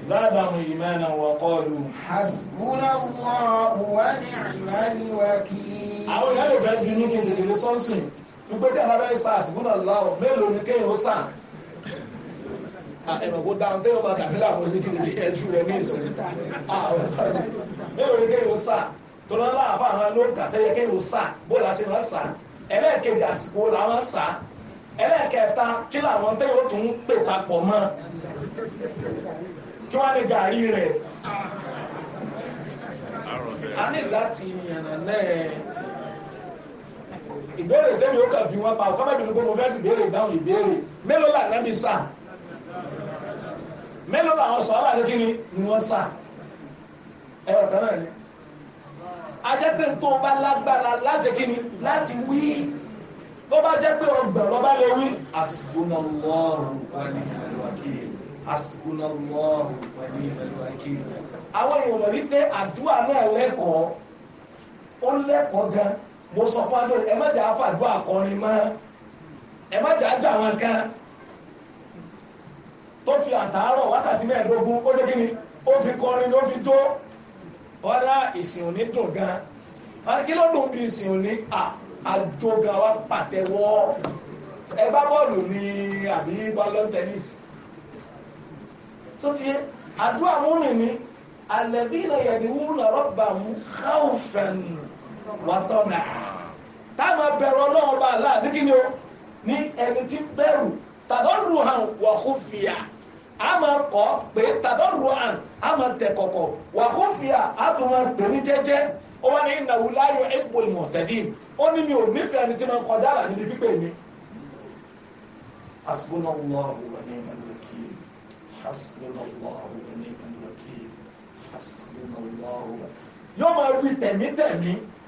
ládàmú ìmẹ́nà wọ kọlu. hasbuna Allahu wa ni'mal wakil. àwọn ìyá lè fẹ́ bínú kí n tètè lé wípé tí àwọn abẹ́rẹ́ sars múnà lọ́rọ̀ mélòó ni kéèyàn ó sàn ẹnìkó dáhùn téèyàn máa dàbí láwọn ṣe rẹ ní ìsìn mélòó ni kéèyàn ó sàn tó lọ́nà láàbá àwọn ló ń kà tẹ́yẹ kéèyàn ó sàn bó sàn ẹlẹ́ẹ̀kejì àsìkò làwọn sàn ẹlẹ́ẹ̀kẹta kí làwọn pè papọ̀ ìbéèrè tẹ́mi ó kàn fi wọn pa ọ̀kọ́ mẹ́bìnrin kó mo fẹ́ sì béèrè dáhùn ìbéèrè mélòó là nẹ́bi sà mélòó làwọn sọ̀rọ̀ àdékìní ni wọ́n sà ẹ ọ̀tọ̀ náà ni ajẹ́pẹ́ tó bá lágbára láti kíni láti wí tó bá jẹ́ pé ọgbọ̀n lọ́ba lè wí hasbunallahu wa ni'mal wakeel hasbunallahu wa ni'mal wakeel àwọn èèyàn wọ̀nyí pé àdúrà náà lẹ́kọ̀ọ́ ó lẹ́kọ̀ọ́ gan-an mo sọ fún adó ẹ má jà á fàdúrà akọrin mọ́ ẹ má jà á jà wọn kan tó fi àtàárọ̀ wákàtí mẹ́ẹ̀ẹ́dógún ó dé kíni ó fi kọrin ló fi tó ọ̀rá ìsìn òní dùn gan kí ló dùn bí ìsìn òní àdógan wa pàtẹ́wọ́ ẹ bá bọ́ọ̀lù ní àbí ballon tennis tó ti àdúrà múrin ni alẹ́bí ìlẹ̀yẹ̀ ni wúlọ̀ rọ́bà mú káwùfẹ̀nù. wàtọ́nà táwọn bẹ̀rù ọlọ́run bá aláà ní kíni o ní ẹni tí bẹ̀rù tàdọ́rù hàn wàhó fìyà a máa kọ́ pé tàdọ́rù hàn a máa tẹ̀ kọ̀kọ̀ wàhó fìyà a tún máa pè ní jẹ́jẹ́ ó wà ní ìnáwó ẹ̀pọ̀ ìmọ̀tẹ́dì ó ní mi ò nífẹ̀ẹ́ ẹni tí máa kọjá níbi mi.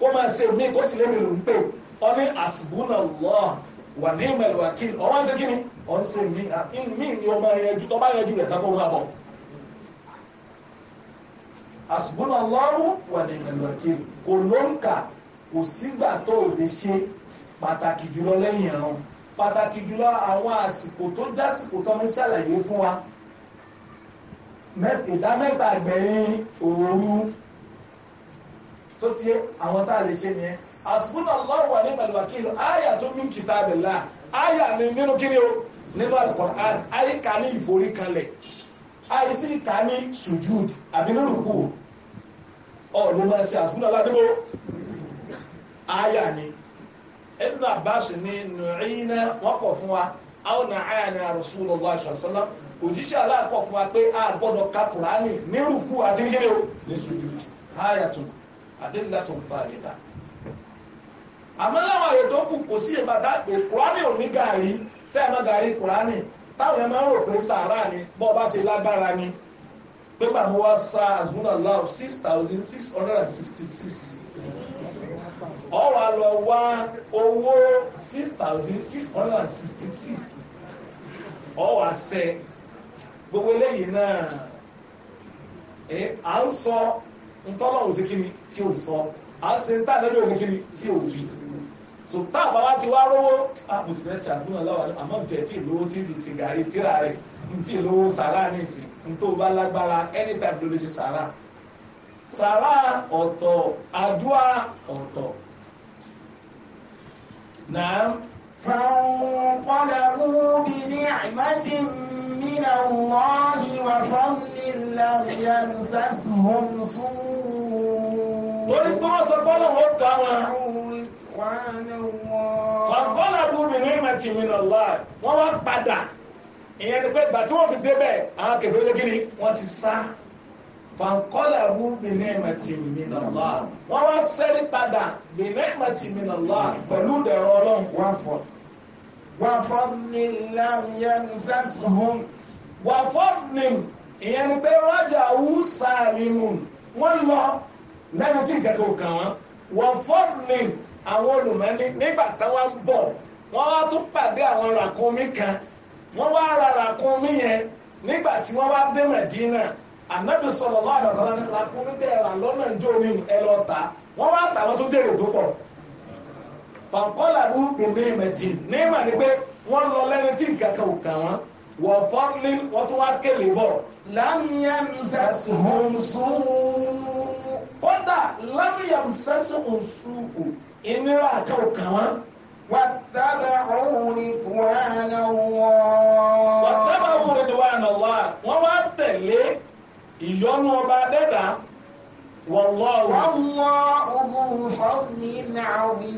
kó máa ṣe mí kó sì lémi ló ń pè ọ ní àsìbúnà lọ wà ní ìmọ̀lẹ̀ wákìlì ọwọ́n ṣe kíni ọ̀n ṣe mí mí ni ọmọ yẹn ju tọ́ba yẹn ju rẹ̀ tábọ̀ wọn bọ̀ àsìbúnà lọ́rù wà ní ìmọ̀lẹ̀ wákìlì kò ló ń kà kò sígbà tó o lè ṣe pàtàkì jùlọ lẹ́yìn ẹ̀ràn pàtàkì jùlọ àwọn àsìkò tó jásìkò tó ń ṣàlàyé fún wa ìdá mẹ́ta gbẹ̀yìn òru tó ti àwọn tá a lè ṣe nìyẹn àsìkúnà lọ́wọ́ ní mẹlẹ́wàkìlì àyà tó mú kitabillah àyà ni nínú kíni o nínú Al-Qur'an àyè ká ní ìforí kalẹ̀ àyè sì ká ní sujud àbí nínú kù ọ̀ ló máa ṣe àsìkúnà ládùúgbò àyà ni Ibn Abbas ní nùrìnà wọn kọ̀ fún wa àwọn nà àyà ní Rasulullah ṣàṣàlá òjíṣẹ́ aláàkọ̀ fún wa pé a gbọ́dọ̀ ka Kùránì ní àti kíni ní sujud àyà tó kù adélẹ́tò fàlẹ́dà àmọ́ láwọn àyè tó kù kò sí ìbàdà kùránì òní gàrí tí a máa gàrí kùránì táwọn ẹ̀ máa ń rò pé sàárà ni bọ́ọ̀ bá ṣe lágbára ni pépà mo wá sa àzúnà láwù six thousand six hundred and sixty six ọ wà lọ wá owó six thousand six hundred and sixty six ọ wà sẹ gbogbo eléyìí náà à ń sọ ntọ́lọ́run sí kíni tí ò sọ à ń ṣe ń tàn lẹ́yìn òfin kíni tí ò wí. so tá a bàbá ti wá rówó àpò tí fẹ́ẹ́ ṣàfihàn lọ́wọ́ àmọ́ jẹ́ tí ìlówó tí ì sì gàrí tíra rẹ̀ ntí ìlówó sàrà ní ìsìn ntó bá lágbára anytime ló lè ṣe sàrà. sàrà ọ̀tọ̀ àdúrà ọ̀tọ̀. náà. فانقلبوا بنعمة من الله وفضل لم يمسسهم سوء torí pé wọ́n sọ bọ́lá wọn dá wọn. fàbọ́lá bú mi ní ìmọ̀ tì mí nà láì wọ́n wá padà ìyẹn ni pé ìgbà tí wọ́n fi débẹ̀ àwọn kẹfẹ́ lẹ́gìrì wọ́n ti sá fankọ́lá bú bìnẹ́ẹ̀mà tì mí nà lọ́ wọ́n wá sẹ́rí padà bìnẹ́ẹ̀mà tì mí nà lọ́ pẹ̀lú dẹ̀rọ ọlọ́run wá fọ́. wà fọ́ mi láwùyẹ nsásùhùn. wà fọ́ mi ìyẹn ni pé rọ́jà wù sáà mímú wọ́n lọ lẹ́nu tí nǹkan tó kàn wọ́n wọ́n fọ́ọ̀nì àwọn olùmọ́ni nígbà táwọn ń bọ̀ wọ́n wá tún pàdé àwọn ràkúnmí kan wọ́n wá ra ràkúnmí yẹn nígbà tí wọ́n wá dé Mẹ̀dínà ànábì sọ̀rọ̀ lọ́wọ́ àdàsọ́lá ràkúnmí tẹ̀ rà lọ́nà ìjọ omi ẹ lọ tà wọ́n wá tà wọ́n tó dèrò tó pọ̀ fàkọ́là rúbìn ní Mẹ̀dín ní ni pé wọ́n lọ lẹ́ni tí nǹkan kan kàn wọ́n kódà lámìyàm sẹ́sìn òṣùwò ìnira àtọ̀kàn wọn. واتبعوا رضوان الله واتبعوا رضوان الله wọ́n wá tẹ̀lé ìyọ́nú ọba dẹ́dà wọ́lọ́wọ́. wọ́lọ́wọ́ ọ̀hún fọ́ọ̀mì náà wí.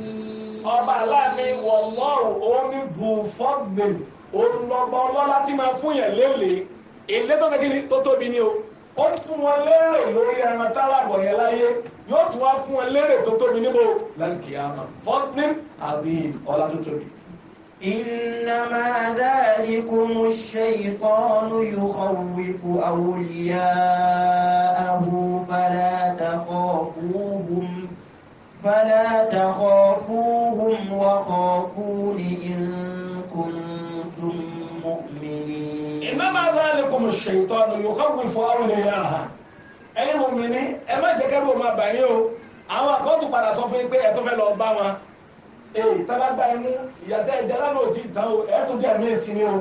ọba aláàmì wọ́lọ́wọ́ omi gùn fọ́ọ̀mì òun lọ́gbọ́n tí máa fún yẹn lélẹ̀ èlé tó fẹ́ tó tóbi ni o ó fún wọn lérè lórí ẹran tálàbọ̀ yẹn láyé yóò tún wá fún wọn lérè tó tóbi níbo lálùkìyàmà fọ́tún àbí ọlá tó tóbi. إنما ذلكم الشيطان يخوف أولياءه فلا تخافوهم فلا تخافوهم وخافون إن كنتم مؤمنين ìnáma aláàlẹ́kùn ṣèǹtọ́ ni yóò kọ́kùn fún àwọn èèyàn àhà ẹ̀yin mú mi ní ẹ má jẹ́ kẹ́rù ọmọ àbá yín o àwọn àkọ́tù padà sọ fún yín pé ẹ tó fẹ́ lọ bá wọn èyí tábàgbà inú ìyàtọ̀ ẹ̀jẹ̀ lánàá ò tí ì tán o ẹ̀ tó jẹ́ mí sí ni o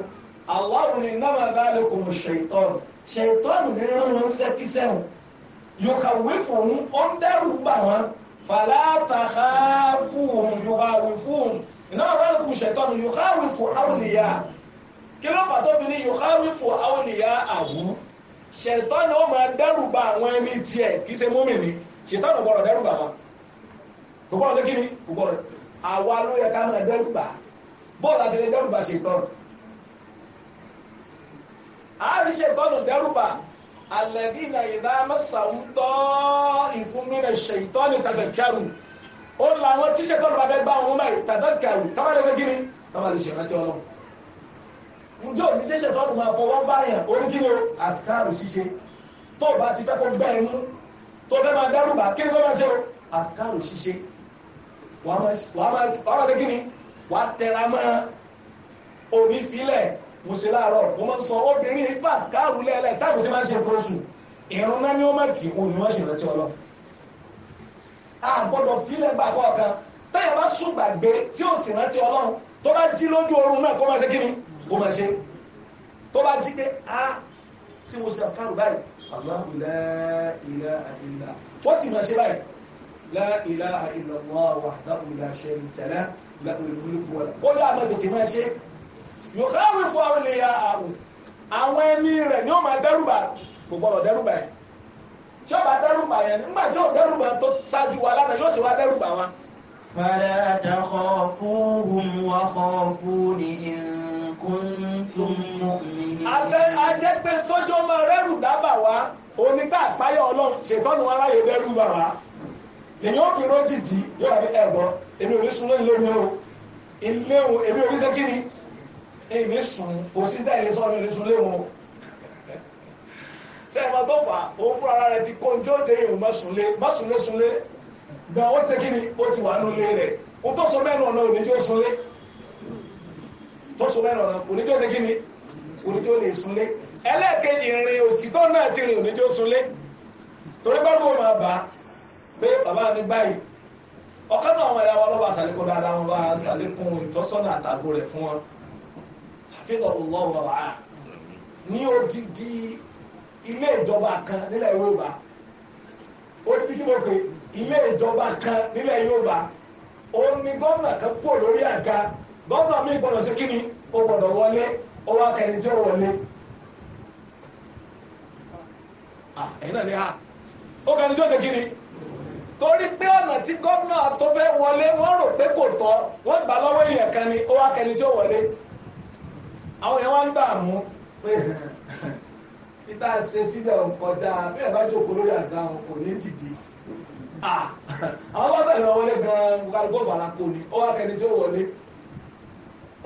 aláwọ̀ ni ìnáma aláàlẹ́kùn ṣèǹtọ́ ṣèǹtọ́ ni wọ́n sẹ́kísẹ́hùn yóò kàwé fún ó ń dẹ́rù bà wọ́n fàlàtàkà fún òun yóò kàwé fún òun ìnáma aláàlẹ́kùn ṣèǹtọ́ ni yóò kàwé fún àwọn èèyàn kí ló fà tó fi ní yòókàwífò àwọn ìyá àwù ṣètọ́nù ó máa dẹ́rùbà àwọn ẹni tiẹ̀ kì í ṣe mú mi ní ṣètọ́nù gbọ́dọ̀ dẹ́rùbà wọn kò gbọ́dọ̀ kí ni kò gbọ́dọ̀ àwa ló yẹ ká máa dẹ́rùbà bóòlù àti ilé dẹ́rùbà ṣètọ́nù àárín ṣètọ́nù dẹ́rùbà alẹ́bí ilẹ̀ ìdá mẹ́sàn-án tọ́ ìfúnmírẹ̀ ṣètọ́nù tàbẹ̀kẹ́rù ó làwọn tí ṣètọ́nù bá fẹ́ gbá wọn mọ́ njẹ́ òní jẹ́sẹ̀ tọ́nu máa fọwọ́ báyàn oníkíló àsìkáàrù ṣíṣe tó bá ti fẹ́kọ̀ọ́ gbẹ́ ẹnu tó fẹ́ máa dárúbà kí ni kó máa ṣe o àsìkáàrù ṣíṣe wàá máa ṣe kí ni wàá tẹra mọ́ òní filẹ̀ mo ṣe láàárọ̀ mo máa ń sọ obìnrin ifá àsìkáàrù lẹ́ẹ̀lẹ́ táàbù tí máa ń ṣe fóṣù ìrún náà ni ó máa kì òní wọ́n ṣe rántí ọlọ́ àgbọ̀dọ̀ filẹ̀ gbàgbọ́ kan táyà bá sùn tí ó sì rántí ọlọ́run tó bá jí lójú oorun náà kó máa ṣe kí ni bó máa ṣe tó bá jí pé a tí mo ṣe àfikàrù báyìí Allahu la ilaha illa ó sì máa ṣe báyìí la ilaha illa Allah wahdahu la sharika lahu lahul mulku wa ó yá àmọ́ tètè máa ṣe yóò káwé fún àwọn ènìyàn àrùn àwọn ẹni rẹ̀ ni ó máa dẹ́rùbà kò gbọ́dọ̀ dẹ́rùbà yẹn tí ó bá dẹ́rùbà yẹn nígbà tí ó dẹ́rùbà tó ṣáájú wa lánàá yóò sì wá dẹ́rùbà wa. fala takhafuhum wa khafuni in kuntum mu'minin. ajẹ́ pé tọ́jọ́ máa rẹ́rù dábà wá onígbà àpáyọ̀ ọlọ́run ṣètọ́nu aráyè bẹ́rù bà wá. èyí ó fi rójìjì yóò wá ní ẹ̀gbọ́n èmi ò ní sun lóyún lómi o ilé o èmi ò ní ṣe kíni èmi sùn kò sí dá ilé sọ́ọ́ mi ò ní sun léwu o. ṣé ẹ̀ máa tó fà òun fúnra ara rẹ̀ ti kó ní tí ó dé ìhùn mọ́sùnlé mọ́sùnlé sunlé gbọ́n ó ti ṣe kíni ó ti wà nínú ilé rẹ̀ ó tó sọ mẹ́nu ọ̀nà òní tí ó sunlé. tó so mẹ́rin ọ̀nà kò ní tó ṣe lè súnlé ẹlẹ́ẹ̀kejì rìn òsìtọ́ náà ti rìn òní tó torí bá kó máa bá pé bàbá mi báyìí ọ̀kan náà wọn yàwó ọlọ́wọ́ àṣàlékún dáadáa wọn bá àṣàlékún ìtọ́sọ́nà àtàgbò rẹ̀ fún wọn àfihàn ọlọ́wọ́ wà kan nílẹ̀ Yorùbá ó kí mo pè ilé ìjọba kan nílẹ̀ Yorùbá ó gọ́ọ̀nà mi gbọ́dọ̀ ṣe kí ni ó gbọ́dọ̀ wọlé ó wá kẹrin tí ó wọlé ẹ̀yin ni a ó kẹrin tí ó ṣe kí ni torí pé ọ̀nà tí gọ́ọ̀nà tó fẹ́ wọlé wọ́n rò pé kò tọ́ wọ́n gbà lọ́wọ́ èèyàn kan ni ó wá kẹrin tí ó wọlé àwọn yẹn wá ń dààmú pé títà ṣe síbẹ̀ ọ̀kọ̀dá bẹ́ẹ̀ bá jókòó lórí àga wọn kò ní dìde àwọn bá bẹ̀rẹ̀ wọlé gan-an gbogbo àgbọ̀fọ̀ ni ó wá kẹrin tí ó wọlé.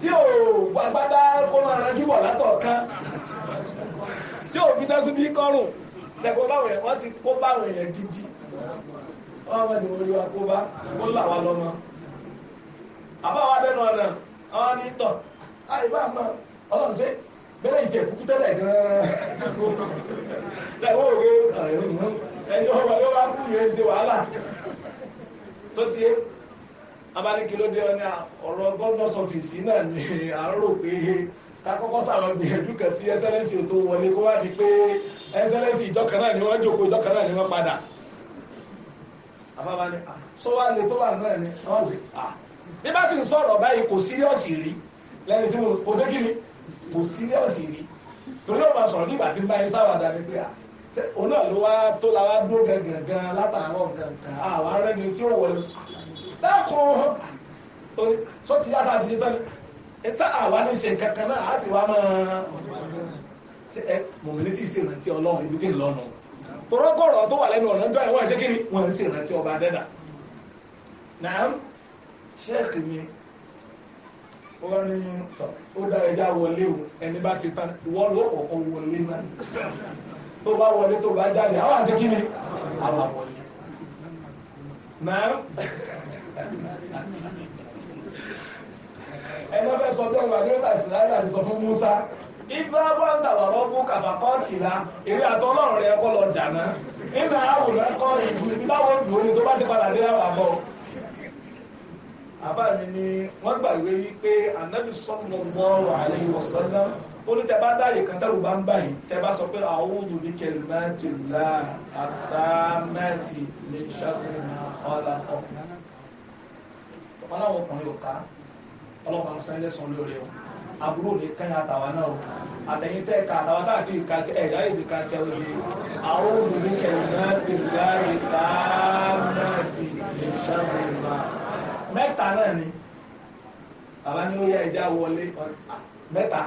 tí o gbàgbádá kó máa látọ̀ọ̀kan tí o fi bí kọ́rùn báwọn yẹn wọ́n ti kó báwọn yẹn gidi wọ́n máa ti wọlé wa kó bá kó là lọ́mọ. àbáwá dẹnu ọ̀nà ní tọ̀ bá ọlọ́run ṣe bẹ́ẹ̀ kúkú tẹ́lẹ̀ gan-an lẹ́wọ́n òwe ẹ̀yọ́ kú yẹn ṣe wàhálà tó abáníkí ló dé ọ ní ah, ọ̀rọ̀ gọ́ọ̀nọ́sì ọ̀fíìsì náà ni à ń rò pé kakọ́kọ́ sàwọn gbìyànjú kan tí ẹsẹ́lẹ́sì tó wọlé kó wá di pé ẹsẹ́lẹ́sì ìjọkan náà ni wọ́n jókòó ìjọkan náà ni wọ́n padà. àbábá ni ah, sọ wá tó wà náà ni wọ́n wè á. Ah, bí bá sì ń sọ̀rọ̀ báyìí kò síríọ̀sì rí lẹ́ni tí mo ṣe kí ni kò síríọ̀sì rí torí ọ̀ma sọ̀rọ̀ nígbà tí báyìí sáwàdà ni pé à òun náà ló wá tó la wá dúró gangan látàárọ̀ gangan àwọn dákun sọ ti yára sí bẹ́ẹ̀ ẹsẹ àwa ní ṣe kankan náà á sì wá máa ẹ mọ̀mílí sì ṣèrántí ọlọ́run ibi tí ń lọ́nu torọ́gọ́rọ̀ tó wà lẹ́nu ọ̀nà ń dọ́ àwọn ẹ̀ṣẹ́ kìíní wọ́n ń ṣèrántí ọba dẹ́dà náà ṣẹ́ẹ̀kì mi wọ́n ní ó dá ẹja wọlé o ẹni bá ṣe tán ìwọ́n ló kọ̀ọ̀kan wọlé náà tó bá wọlé tó bá jáde àwọn àṣẹ kìíní àwọn wọlé náà ẹ̀yọ́ fẹ́ sọ pé ọgbà ní ọ̀tà ìsìláyà ti sọ fún Musa ibrahima ń dàgbà rọ́gbó kàbàkọ́ọ̀tì la èrè àti ọlọ́run rẹ̀ kọ́ lọ dàná nínú àwòrán kọ́ ìlú ìbáwọ̀ dùn ní tó bá ti padà dé àwọn àbọ̀. àbáyé ni wọ́n gbàgbé wípé anabi sọ́nù mọ́ àlẹ́ ìwọ̀sánná ó ní tẹ́bá dáyé kan dẹ́rù bá ń báyìí tẹ́bá sọ pé àwọn olùdí kẹlẹ́mẹ́tì lá àtàmẹ́tì lè ṣàkóso ọ̀làkọ̀ọ́ wọn láwọn ọkùnrin ò ká ọlọ́pàá musa ilé sùn lórí o àbúrò ní kẹ́yìn àtàwa náà o àtẹ̀yìn tẹ́ ka àtàwa tá àti ìka tẹ ẹ̀yà èdè ka tẹ òde àwọn obìnrin kẹ̀yìn náà ti gbá ìta náà ti ìṣàmù ìmọ̀ mẹ́ta náà ni bàbá ní ó yẹ ẹja wọlé mẹ́ta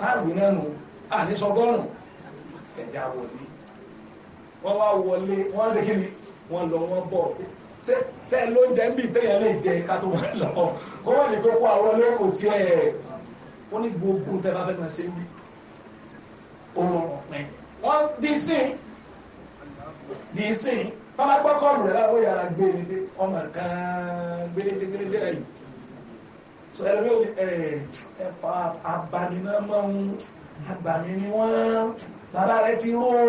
táàwì náà nù à ní sọgọ́rùn ẹja wọlé wọ́n wá wọlé wọ́n lé kí ni wọ́n lọ wọ́n bọ̀ ṣe ló ń jẹ ń bì téèyàn lè jẹ ká tó wà lọ kó wà ní kókó àwọn olóko tí ẹ ó ní gbogbo tẹ bá fẹ́ máa ṣe wí òun ọ̀pẹ wọ́n di sìn di sìn bàbá gbọ́kọ̀lù rẹ̀ láwọn yàrá gbé e ní pé ọmọ kan gbélété gbélété rẹ̀ yìí sọ ẹlẹ́wẹ́ ò ní ẹ̀fà abaninámọ́ àgbàmí ni wọ́n bàbá rẹ̀ ti rú o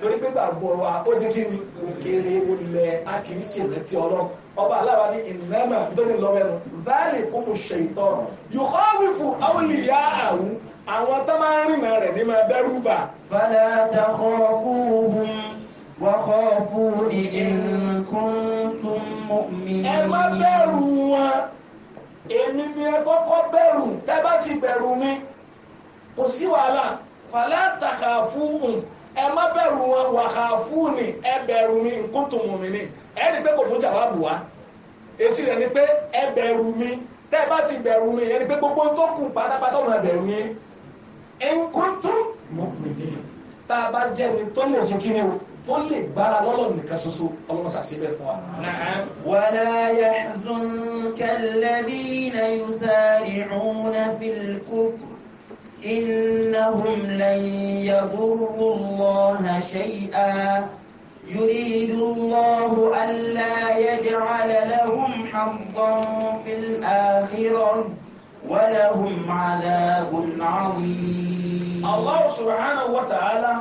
torí pé gbàgbọ́ wa ó sì kí ni òkèèrè olùlẹ̀ a kì í ṣèrántí ọlọ́run ọba aláwa ní ìnáma nítorí lọ́wẹ́nu báyìí kó mo ṣe ìtọ́ yòókọ́ wífù àwọn ìyá àwọn àwọn tó máa ń rìnà rẹ̀ ní máa bẹ́rù bà. fàlẹ́ àtàkọ́ fún ogun wọ́kọ́ fún ìrìnkún tún mọ́ mi. ẹ má bẹ̀rù wọn èmi ni ẹ kọ́kọ́ bẹ̀rù tẹ́ bá ti bẹ̀rù mi kò sí wàhálà fàlẹ́ àtàkà fún ẹ má bẹ̀rù wọn wàhà fúnni ẹ bẹ̀rù mi nkúntùn mi ni ẹ rí pé kò tún jà wá bù wá èsì rẹ̀ ni pé ẹ bẹ̀rù mi tẹ́ ẹ bá ti bẹ̀rù mi yẹn ni pé gbogbo tó kù pátápátá ọ̀nà bẹ̀rù yín nkúntùn mi ni tá a bá jẹ́ ni tó lè fún kí o tó lè gbára lọ́lọ́run nìkan ṣoṣo ọlọ́run ṣàṣìbẹ̀ fún wa. wàlá yahzunka alladhina yusari'una fil kufr. إنهم لن يضروا الله شيئا يريد الله ألا يجعل لهم حظا في الآخرة ولهم عذاب عظيم الله سبحانه وتعالى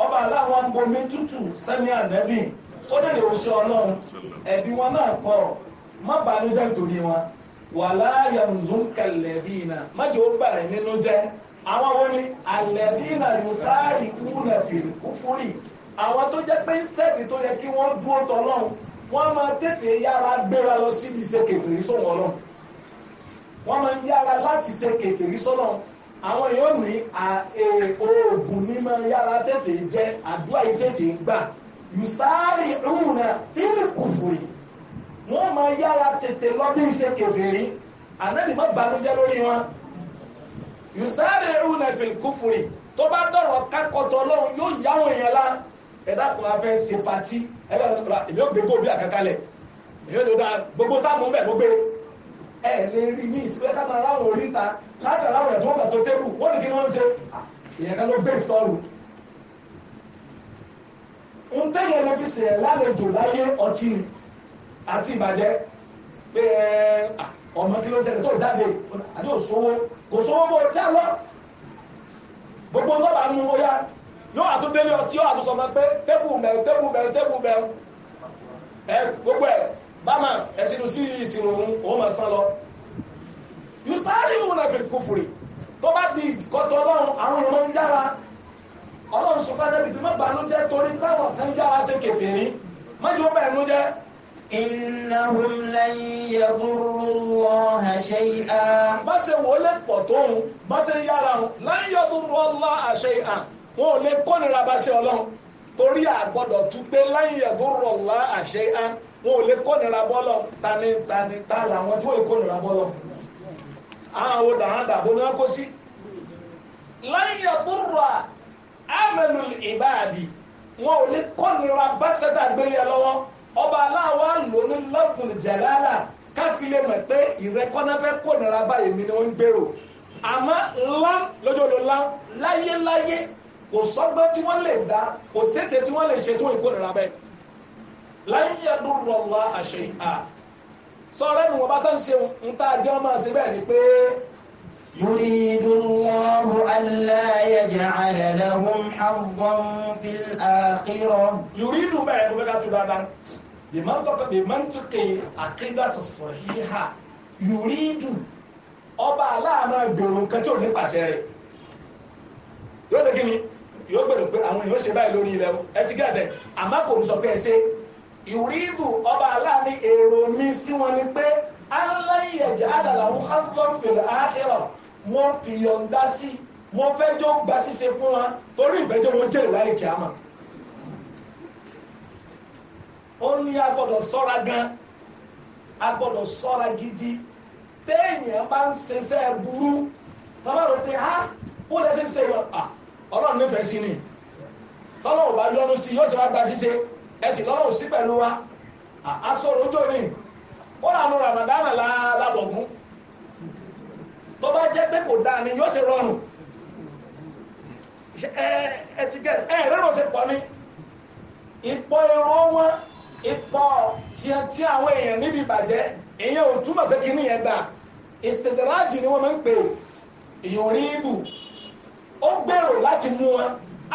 ọba aláwọn agbomi tútù sẹ́ni ànẹ́bì ó lè lè oṣù ọlọ́run ẹ̀bí wọn náà kọ́ má bàánú jẹ́ nítorí wọn wàhálà yàmùzún kẹlẹ̀ bíi náà má jẹ́ ó bàrẹ̀ nínú jẹ́ àwọn wo ni alẹ́bínà yusáàrì kúnà fìkúfúrì àwọn tó jẹ́ pé stẹ́ẹ̀pì tó yẹ kí wọ́n dúró tọ́lọ́hún wọ́n máa tètè yára gbéra lọ síbi ṣe kètèrí sóhun ọlọ́run wọ́n máa ń yára láti ṣe kètèrí sọ́lọ́run àwọn yóò ní e, oògùn ní máa yára tètè jẹ́ àdúrà yìí tètè gbà yusáàrì kúnà fìkúfúrì wọ́n máa yára tètè lọ bí ṣe kètèrí ànábì má bànújẹ́ lórí wọn yusari'una fil kufri tó bá dọ̀rọ̀ kákọ̀tọ̀ ọlọ́run yóò yáwó èèyàn lá ẹ̀dá kan afẹ́ ṣe pati ẹ̀dá èmi ò gbé kó bí àkàkalẹ̀ èmi ò dá gbogbo táwọn bẹ̀ gbogbo ẹ̀ lè rí ní ìsìlẹ̀ ká máa láwọn oríta látara àwọn ẹ̀fọ́ bàtó tẹ́rù wọ́n ní kí wọ́n ṣe èèyàn kan ló gbé ìtọ́rù. ń bẹ́yẹ̀ ló fi ṣe lálejò láyé ọtí àti ìbàjẹ́ pé ọmọ kí ló ń ṣẹlẹ̀ tó dáde àti òṣòwò kò sówó bó tí gbogbo ń dọ́là ya oya yóò wà tó délé ọtí yóò wà tó sọmọ pé tẹ́kù bẹ̀rù tẹ́kù bẹ̀rù tẹ́kù bẹ̀rù ẹ gbogbo ẹ bámà ẹsìn sí ìsìn òun òun máa sán lọ yusari tó kọtọ ọlọ́run àwọn ọmọ ń yára ọlọ́run jẹ́ torí kan yára إنهم lan yadurru Allaha shay'an. bá ṣe wọlé pọ̀ tó ń bá ṣe yára ń lan yadurru Allaha shay'an wọn ò lè kọ́nira bá ṣe ọlọ́run torí àgbọ̀dọ̀ tún pé lan yadurru Allaha shay'an wọn ò lè kọ́nira bọ́lọ̀ tani làwọn tí wọ́n lè kọ́nira bọ́lọ̀ àwọn àwọn dàrán ni wọ́n kó sí. lan yadurru amalul ibadi wọn ò lè kọ́nira bá ṣẹ́dá gbélé lọ́wọ́ ọba aláwa lónú lọ́gùn jàlálà káfí mọ̀ pé ìrẹ́kọ́náfẹ́ kò nira báyìí mi ni ó ń gbèrò àmọ́ ńlá lójó ló láyéláyé kò sọ́gbọ́n tí wọ́n lè dá kò sété tí wọ́n lè ṣe tó ìkó nira bẹ́ẹ̀ láyé rọlá àṣẹ ìhà sọ̀rọ̀ ẹnu wọn bá tán ṣe ń tá a jẹ́ bẹ́ẹ̀ ni pé. يريد الله ألا يجعل لهم حظا في الآخرة. bìmọ́ntòkè àkídàtì sọ̀híhà yùrídù ọba aláàmọ́ gbèrò nǹkan tí ò ní pàṣẹ rẹ̀ yóò dé kí ni yóò gbèrò pé àwọn èèyàn ṣe báyìí lórí ilẹ̀ ẹ ti gẹ̀dẹ̀ àmọ́ kò ní sọ pé ẹ ṣe yùrídù ọba aláàmì èrò mi sí wọn ni pé aláìyẹ̀jẹ̀ àdàlà ń hàn fèrè áhìrọ̀ wọ́n fi yọ̀ǹda sí wọ́n fẹ́ jọ gba ṣíṣe fún wa torí ìbẹ́jọ́ wọn jẹ́rìí láì kí á mọ̀ ó ní a gbọ́dọ̀ sọ́ra gan a gbọ́dọ̀ sọ́ra gidi téèyàn bá ń ṣiṣẹ́ burú bàbá rẹ̀ pé ha ó lè ṣe ṣe yọ̀pà ọlọ́run nífẹ̀ẹ́ sí ni lọ́lọ́run bá yọ́nú sí yóò ṣe wá gba ṣíṣe ẹ̀sìn lọ́lọ́run sí pẹ̀lú wa àsọ̀rọ̀ ojú ni ó lànà ràmàdánà lábọ̀gún tó bá jẹ́ pé kò dáa ni yóò ṣe rọrùn ẹ ẹ ti gẹ̀ ẹ rírun ṣe pọ̀ ni ìpọ̀ èrò wọn. ipò tí a ti àwọn èèyàn níbi ìbàjẹ́ èèyàn ò túmọ̀ pé kí nìyẹn gbà ìsìtẹ̀dẹ̀rájì ni wọ́n máa ń pè é rí ibù ó gbèrò láti mú wọn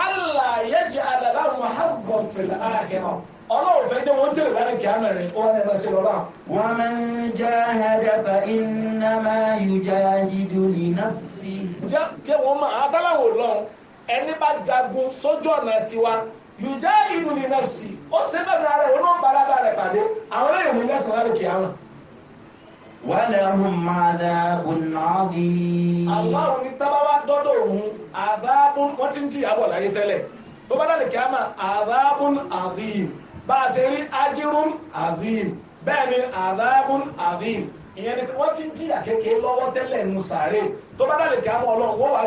aláyẹ̀jẹ̀ àdàláwọ̀ fìlà àhẹ́rọ̀ ọlọ́run fẹ́ jẹ́ wọ́n tẹ̀lé kí á mẹ́rin ó máa ṣe lọ́la. wọ́n máa ń já iná máa yù já sí. jẹ́ kí wọ́n máa tiwa yùjá ìlú ní nọ́ọ̀sì ó sì bẹ̀rẹ̀ ara rẹ̀ ó náà bára bá rẹ̀ pàdé àwọn èèyàn ní lẹ́sàn-án rẹ̀ kì í àwọn. walahum adhabun adhim. aláwo ni tábà wá dọ́dọ̀ òun àbábùn wọ́n ti ń di àwọ̀ láyé tẹ́lẹ̀ tó bá dálè kí á máa àbábùn adhim bá a ṣe rí ajírún adhim bẹ́ẹ̀ ni àbábùn adhim ìyẹn ni wọ́n ti ń di àkékè lọ́wọ́ tẹ́lẹ̀ nù sàárè tó bá dálè kí á máa ọlọ́run wọ́n wàá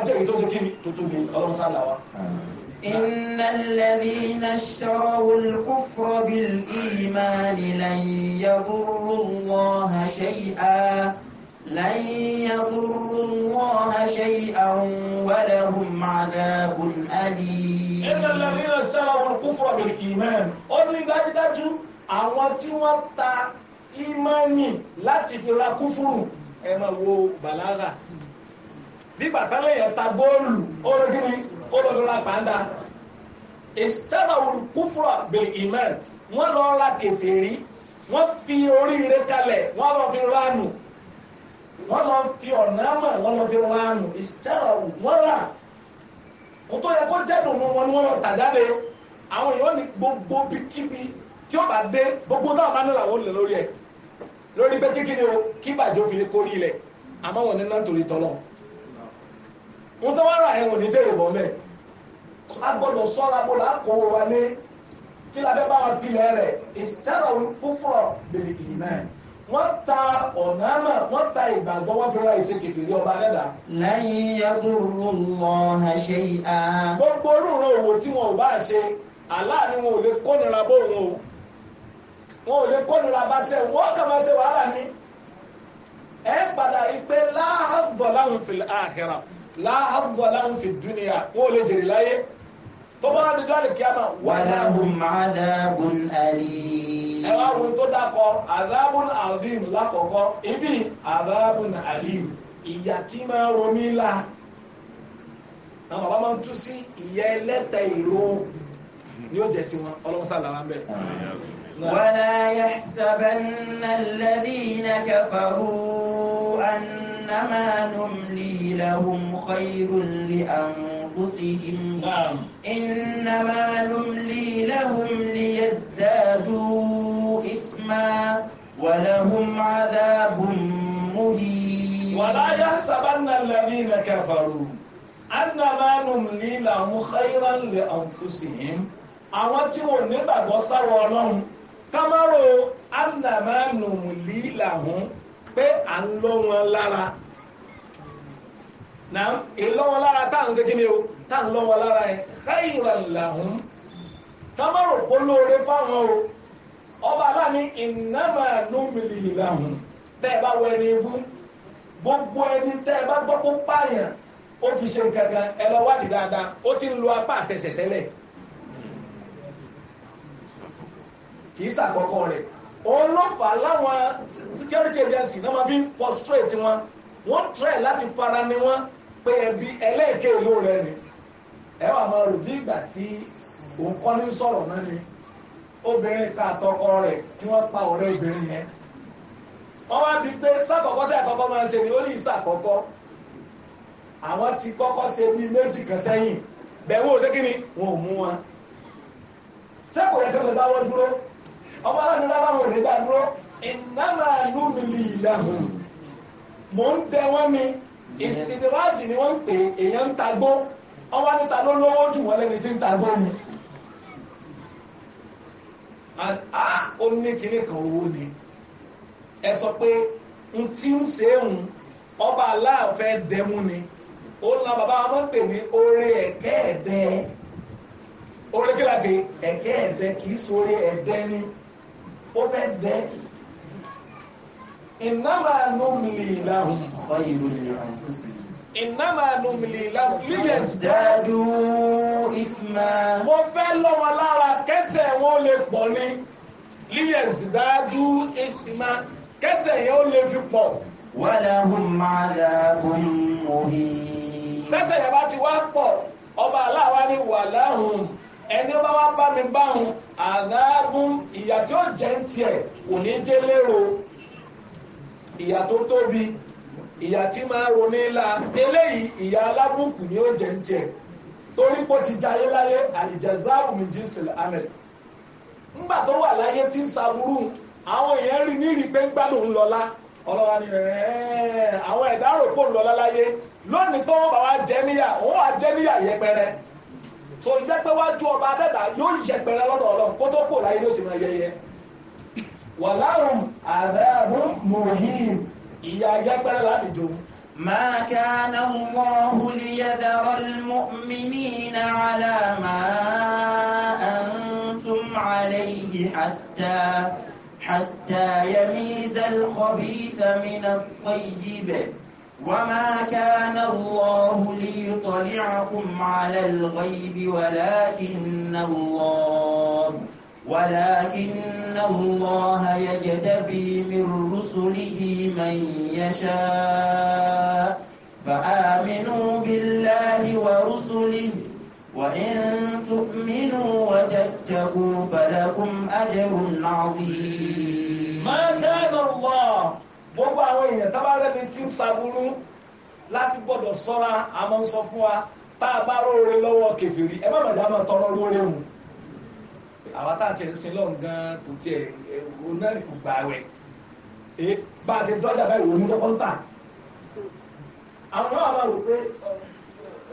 إن الذين اشتروا الكفر بالإيمان لن يضروا الله شيئا لن يضروا الله شيئا ولهم عذاب أليم إن الذين اشتروا الكفر بالإيمان أولي dájúdájú àwọn tí wọ́n ta ìmánì láti fi ra kúfùrù ẹ máa wo bàlágà bí bàtà lèèyàn ta góòlù ó lè kí ni ó lọ lọ́la gbàǹda ìsítẹ́nà olùkúfúrà bèrè ìmán wọ́n lọ ra kèfèrí wọ́n fi oríire kalẹ̀ wọ́n lọ fi ránù wọ́n lọ fi ọ̀nà àmà wọ́n lọ fi ránù ìsítẹ́nà wọ́n rà wọ́n tó yẹ kó jẹ́dùn mọ́ wọn ni wọ́n lọ tàjáde àwọn èèyàn ní gbogbo bíkíbi tí ó bá dé gbogbo náà bá nílò àwọn olè lórí ẹ̀ lórí pé kíkiri o kí bàjẹ́ òfin kórìí ilẹ̀ àmọ́ wọn ní náà torí tọ́lọ́run wọ́n tó wá rà ẹ̀wọ̀n ní jẹ́ ìbọn mẹ́ a gbọ́dọ̀ sọ́ra bó la kó wa ní kí la fẹ́ bá wa pilẹ̀ rẹ̀ ìsítẹ́rọ̀ kúfúrọ̀ bèbè kìí náà wọ́n ta ọ̀nà àmà wọ́n ta ìgbàgbọ́ wọ́n fi ra ìṣe kékeré ọba dẹ́dà. lẹ́yìn yẹ́dúró lọ ṣe à. gbogbo orúurú òwò tí wọn ò bá ṣe aláàánú wọn ò lè kónira bóun o wọn ò lè kónira bá ṣe wọn kà máa ṣe wàhálà ni ẹ padà rí láàbọ̀ láwọn àhẹrà láàbù aláhùn fi dúnìyà wọn ò lè jèrè láyé tó bá dojú àlè kíámà wà láàbùn àdábùn àlè. ẹ wá wọn tó dákọ àdábùn àdìm lákọ̀ọ́kọ́ ibi àdábùn àlìm ìyà tí máa romí la àwọn bàbá máa ń tú sí ìyà ẹlẹ́tẹ̀ ìró ni ó jẹ tiwọn ọlọ́run sá làwọn bẹ́ẹ̀. ولا يحسبن الذين كفروا أن إنما نملي لهم خير لأنفسهم نعم إنما نملي لهم ليزدادوا إثما ولهم عذاب مهين ولا يحسبن الذين كفروا أنما نملي لهم خيرا لأنفسهم أوتوا tí wọn nígbàgbọ́ sáwọ ọlọ́run kámárò ànàmánù pé à ń lọ wọn lára na ìlọ wọn lára tá à ń ni o tá à ń lọ wọn lára yẹn khayran lahum támọ̀rò polóore fáwọn o ọba aláàánú innama numli lahum bẹ́ẹ̀ bá wọ ẹni ibú gbogbo ẹni tẹ́ ẹ bá gbọ́ kó pààyàn ó fi ṣe ẹ lọ wádìí dáadáa ó ti ń lo apá kì í òun ló fà láwọn security agency náà máa fi frustrate wọn wọ́n try láti fara ni wọ́n pé ẹbí ẹlẹ́ẹ̀kẹ́ ìlú rẹ̀ ni ẹ wà máa rò bí ìgbà tí òun kọ́ ní sọ̀rọ̀ náà ni obìnrin ká àtọkọ rẹ̀ tí wọ́n pa ọ̀rẹ́ obìnrin yẹn wọ́n wá bíi pé sákọ̀kọ́ tí àkọ́kọ́ máa ń ṣe ni ó ní ìsàkọ́kọ́ àwọn ti kọ́kọ́ ṣe bí méjì kan sẹ́yìn bẹ̀wò ṣé kí ni wọn ò mú wọn sẹ́kọ̀ọ́ yẹn kẹ́kọ̀ọ́ bá wọ́n dúró ọmọ aláàánú lábàwọn ò ní gbà dúró ìnáwó àlùmí lè yà hàn mò ń bẹ wọ́n mi ìsìndíráàjì ni wọ́n ń pè èèyàn ń tagbó ọmọ níta ló lówó jù wọ́n lẹ́ni tí ń tagbó mi. ó ní kinní kan owó ni ẹ sọ pé n tí ń ṣe é hùn ọba aláàfẹ́ dẹ́mú ni ó la bàbá wọn pè ní oore ẹ̀kẹ́ ẹ̀dẹ́ oore kí la pè ẹ̀kẹ́ ẹ̀dẹ́ kì í sọ oore ẹ̀dẹ́ ni ó fẹ́ dẹ́ ìnáma numli lahum khayrun li anfusihim ìnáma numli lahum lílẹ̀ dẹ́dú ìfúnná. mo fẹ́ lọ́ wọn lára kẹsẹ̀ wọn lè pọ̀ ní lílẹ̀ dẹ́dú ìfúnná kẹsẹ̀ yẹn ó lè fi pọ̀. walahum adhabun muhin. kẹsẹ̀ yẹn bá ti wá pọ̀ ọba aláwa ni wàláhùn. ẹni bá wá bá mi báwọn àdáàbùn ìyà tí ó jẹ ń tiẹ̀ kò ní jẹ́ o, ìyà tó tóbi ìyà tí máa ronú ńlá eléyìí ìyà alábùkù ni ó jẹ́ ń tiẹ̀ torí pé ó ti jayé láyé àlìjàzáàbù mi jí sílẹ̀ ahmed ńgbà tó wà láyé tí ń saburú àwọn èèyàn rí ní ìrìpé ń gbádùn ńlọlá ọlọ́wà ni àwọn ẹ̀dá rò pò ńlọlá láyé lónìí tó wọ́n bá wá jẹ́ níyà wọ́n wá jẹ́ níyà yẹpẹrẹ tó jẹ́ pé wájú ọba adẹ́dà yóò yẹpẹrẹ lọ́dọ̀ ọlọ́run kó tó kò láyé ló ti máa yẹyẹ. wàláhùn àdáàbò mòhìn ìyá yẹpẹrẹ láti dùn. ما كان الله ليذر المؤمنين على ما أنتم عليه حتى حتى يميز الخبيث من الطيب وما كان الله ليطلعكم على الغيب ولكن الله ولكن الله يجتبي من رسله من يشاء فآمنوا بالله ورسله وإن تؤمنوا وتتقوا فلكم أجر عظيم ما كان الله gbogbo àwọn èèyàn tá bá rẹ́ni tí ń saburú láti gbọ́dọ̀ sọ́ra àmọ́ ń sọ fún wa tá a bá róore lọ́wọ́ kẹfìrí ẹ má bàjẹ́ àmọ́ tọrọ lóore mu àwa tá a tiẹ̀ sin lọ́n gan kò tiẹ̀ oná kò gbà wẹ̀ ẹ bá a ṣe dọ́jà báyìí wò ó ní kọ́kọ́ ń tà àwọn náà máa rò pé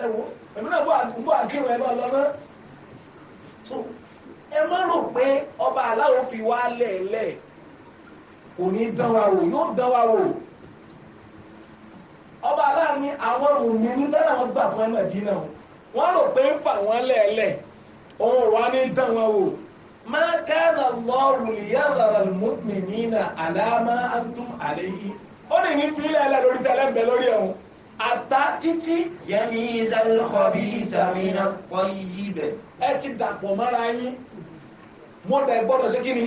ẹ wo èmi náà bọ́ àkírun ẹ bá lọ náà ẹ má rò pé ọba aláwo fi wá lẹ̀ẹ́lẹ̀ẹ́ kò ní dán wa wò yóò dán wa wò ọba aláàánú àwọn òní ní dáná wọn gbà fún ẹnu ẹdínà wọn rò pé ń fà wọn lẹ́ẹ̀lẹ̀ òun wà ní dán wa wò ma kana Allahu liyadhara al-mu'minina ala ma antum alayhi ó lè ní fílẹ̀ ẹ̀lẹ́ lórí tẹ́lẹ̀mbẹ̀ lórí ẹ̀hún àtà títí. yẹ́nì ìzàlùkọ̀bí ìsàmìnà kọ́ yí bẹ̀. ẹ ti dàpọ̀ mọ́ra yín mo dẹ̀ gbọ́dọ̀ ṣe kí ni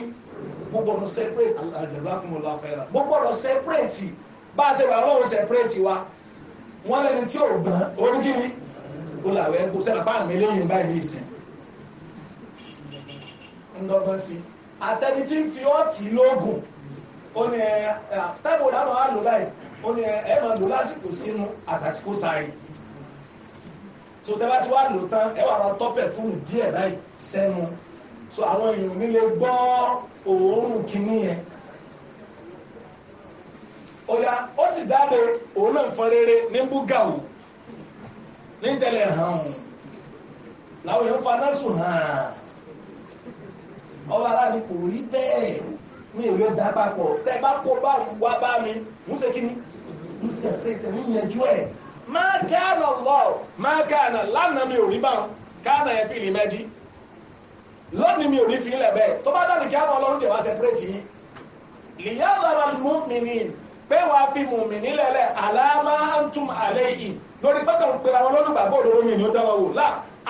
mo gbọ́dọ̀ separate aljazakumullah khairan mo gbọ́dọ̀ separate bá a ṣe wà lọ́wọ́ separate wa wọ́n lẹ́ni tí ò gbọ́n oníkìní ó làwẹ̀ kó sẹ́nà bá mi lẹ́yìn báyìí ní ìsìn ńdọ́gbọ́n sí àtẹni tí ń fi ọ̀tí lóògùn ó ní ẹ táìpù làwọn á lò láì ó ní ẹ máa lò lásìkò sínú àtàsìkò sáré so tẹ́ bá ti wá lò tán ẹ wà lọ tọ́pẹ̀ fún díẹ̀ báyìí sẹ́nu so àwọn èèyàn nílé gbọ́ òórùn kìíní yẹn ọ̀dà ó sì dáre òun náà fọn rere ní búgàwù ní tẹ̀lé hàn làwọn èèyàn fa náà sùn hàn ọba aláàbí kò rí bẹ́ẹ̀ mi ò lè dá papọ̀ tẹ́ bá kó bá mi wá bá mi ń ṣe kí ni ń ṣe pé tẹ̀mí yẹn jú ẹ̀ máa kẹ́ àná lọ máa kẹ́ àná lánàá mi ò rí bá wọn káàná yẹn fi lè mẹ́jì lónìí mi ò ní fi ilẹ̀ bẹ́ẹ̀ tó bá dàbí kí á mọ ọlọ́run tẹ̀ wá sẹ́pẹ́rẹ́tì yìí lìyá lọ́la mú mi ní pé wàá fi mú mi nílẹ̀ lẹ̀ àlàámá ń tún àlẹ́ yìí lórí pẹ́tà ń pera wọn lọ́dún gbàgbọ́ òdòdó mi ni ó dáwọ́ wò lá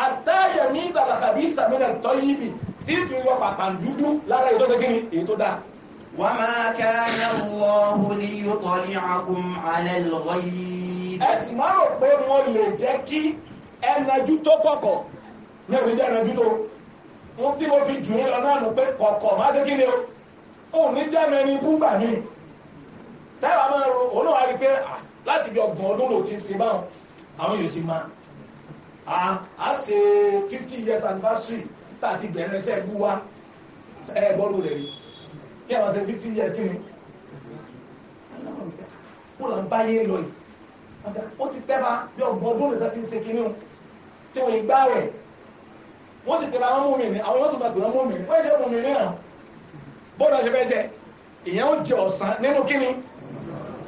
àtàyè ní ìdàdàkàbí ìsàmìlẹ̀ tọ́ yìí bì tí fi wọ pàpà dúdú lára ètò tẹ́kí ni ètò dá. wa ma kana Allahu liyutli'akum 'ala al-ghayb. ẹ̀sìn máa rò pé wọ́n lè mo tí mo fi jù ú lọ náà nù pé kọ̀ọ̀kọ̀ má ṣe kí ni o òun ní jẹ́ mẹ́rin ikú gbà mí dáwà máa ro òun náà wá rí pé ah, láti bí ọgbọ̀n ọdún ló ti ṣe báwọn àwọn yóò ti máa a ṣe fifty years anniversary tá a ti bẹ̀rẹ̀ iṣẹ́ ẹ̀gbú wa ẹ̀ gbọ́dọ̀ rẹ̀ rí bí àwọn ṣe fifty years kí ni ó là ń báyé lọ yìí ó ti pẹ́ bá bí ọgbọ̀n ọdún ló ti ṣe kí ni o tí wọ́n gbá rẹ̀ wọ́n sì pèrè àwọn mú mi àwọn yóò tún bá pèrè àwọn mi wọ́n jẹ́ mi ní àwọn fẹ́ jẹ ìyẹn ó jẹ ọ̀sán nínú kíni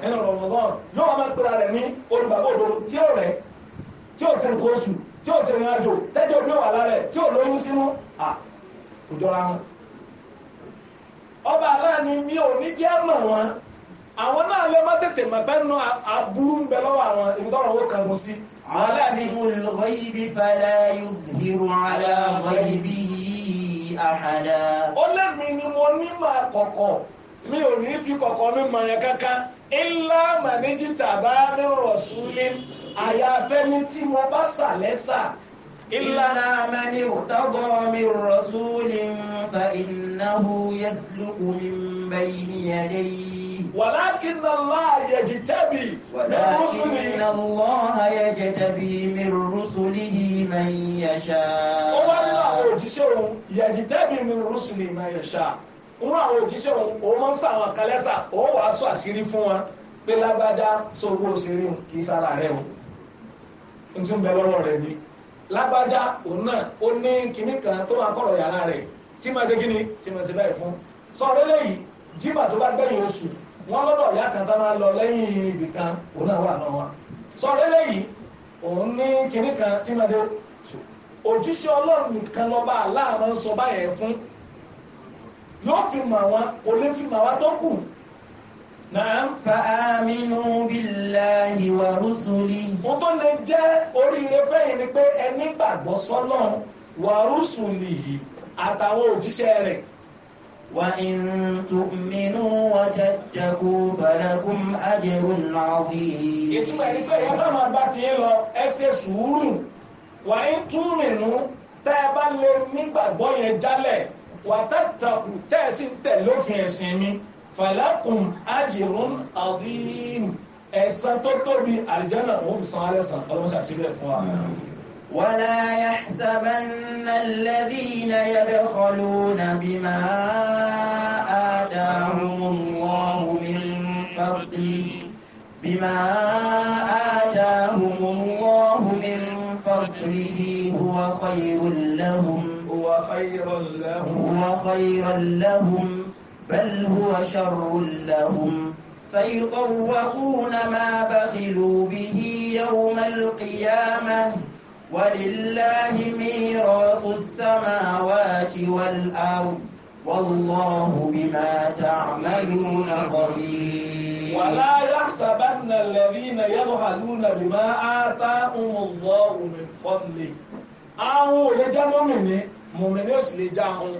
nínú rọ̀mọ̀gán yóò wá máa pèrè rẹ̀ ní olùgbàgbọ́ tí ó rẹ̀ tí ó sẹ́ni kóòsù tí ó sẹ́ni àjò lẹ́jọ́ òbí wà lálẹ́ tí ó lóyún sínú à kò jọra wọn. ọba mi ò ní jẹ́ mọ̀ wọn àwọn náà má tètè عالم الغيب فلا يظهر على غيبه أحدا ó lẹ́mí ni mo nímọ̀ kọ̀kọ̀ mi ò ní fi kọ̀kọ̀ mi mọ̀ yẹn kankan ilá màníjì tàbá ní rọ̀súlé àyàfẹ́ni tí mo bá sà lẹ́sà. ilá màní òtọ́gọ́ mi rọ̀súlé fa innahu yasluku min bayni yadayhi. ولكن الله يجتبي ولكن الله يجتبي من رسله من يشاء ó wá nínú يجتبي من رسله من يشاء nínú àwọn òjíṣẹ́ òun òun máa ń sọ àwọn àkàlẹ́sà ó wàá sọ àṣírí fún wọn pé lágbádá sọ́wọ́ òṣèré òun kì í sára rẹ̀ o n tún bẹ lọ́wọ́ rẹ̀ ni lágbádá òun náà ó ní kinní kan tó máa kọ̀rọ̀ yàrá rẹ̀ tí máa ṣe kí ni tí máa ṣe báyìí fún sọ̀rọ̀ lẹ́yìn jìbà tó bá gbẹ̀yìn oṣù wọ́n lọ́dọ̀ ìyá kan tá máa lọ lẹ́yìn ibì kan òun náà wà náà wá sọ lélẹ́yìí òun ní kinní kan tí máa dé òjíṣẹ́ ọlọ́run nìkan lọ́ba aláàmọ́ ń sọ báyẹn fún yóò fi mọ̀ àwọn kò lè fi mọ̀ àwọn tó kù. Nàá fa àmínú billahi wa rusuli. Mo tó lè jẹ́ oríire fẹ́yìn ni pé ẹni gbàgbọ́ sọ́lọ́run wa rusuli yìí àtàwọn òjíṣẹ́ rẹ̀. وإن تؤمنوا وتتقوا فلكم أجر عظيم ìtumọ̀ ẹni pé ìyá sáà máa bá ti ń lọ ẹ ṣe sùúrù wà ń túmìnú tẹ́ ẹ bá lè nígbàgbọ́ yẹn jálẹ̀ wà tẹ́tàkù tẹ́ ẹ sì ń tẹ̀ lófin ẹ̀sìn mi falakum ajrun azim ẹ̀san tó tóbi àlìjánà òun fi san alẹ́ sàn ọlọ́mọṣà síbẹ̀ fún wa. ولا يحسبن الذين يبخلون بما آتاهم الله من فضله بما آتاهم الله من فضله هو خير لهم هو خير لهم هو خير لهم بل هو شر لهم سيطوقون ما بخلوا به يوم القيامه ولله ميراث السماوات والأرض والله بما تعملون خبير ولا يحسبن الذين يبخلون بما آتاهم الله من فضله àwọn ò lè já mọ́mìnì mọ́mìnì ò sì lè já wọn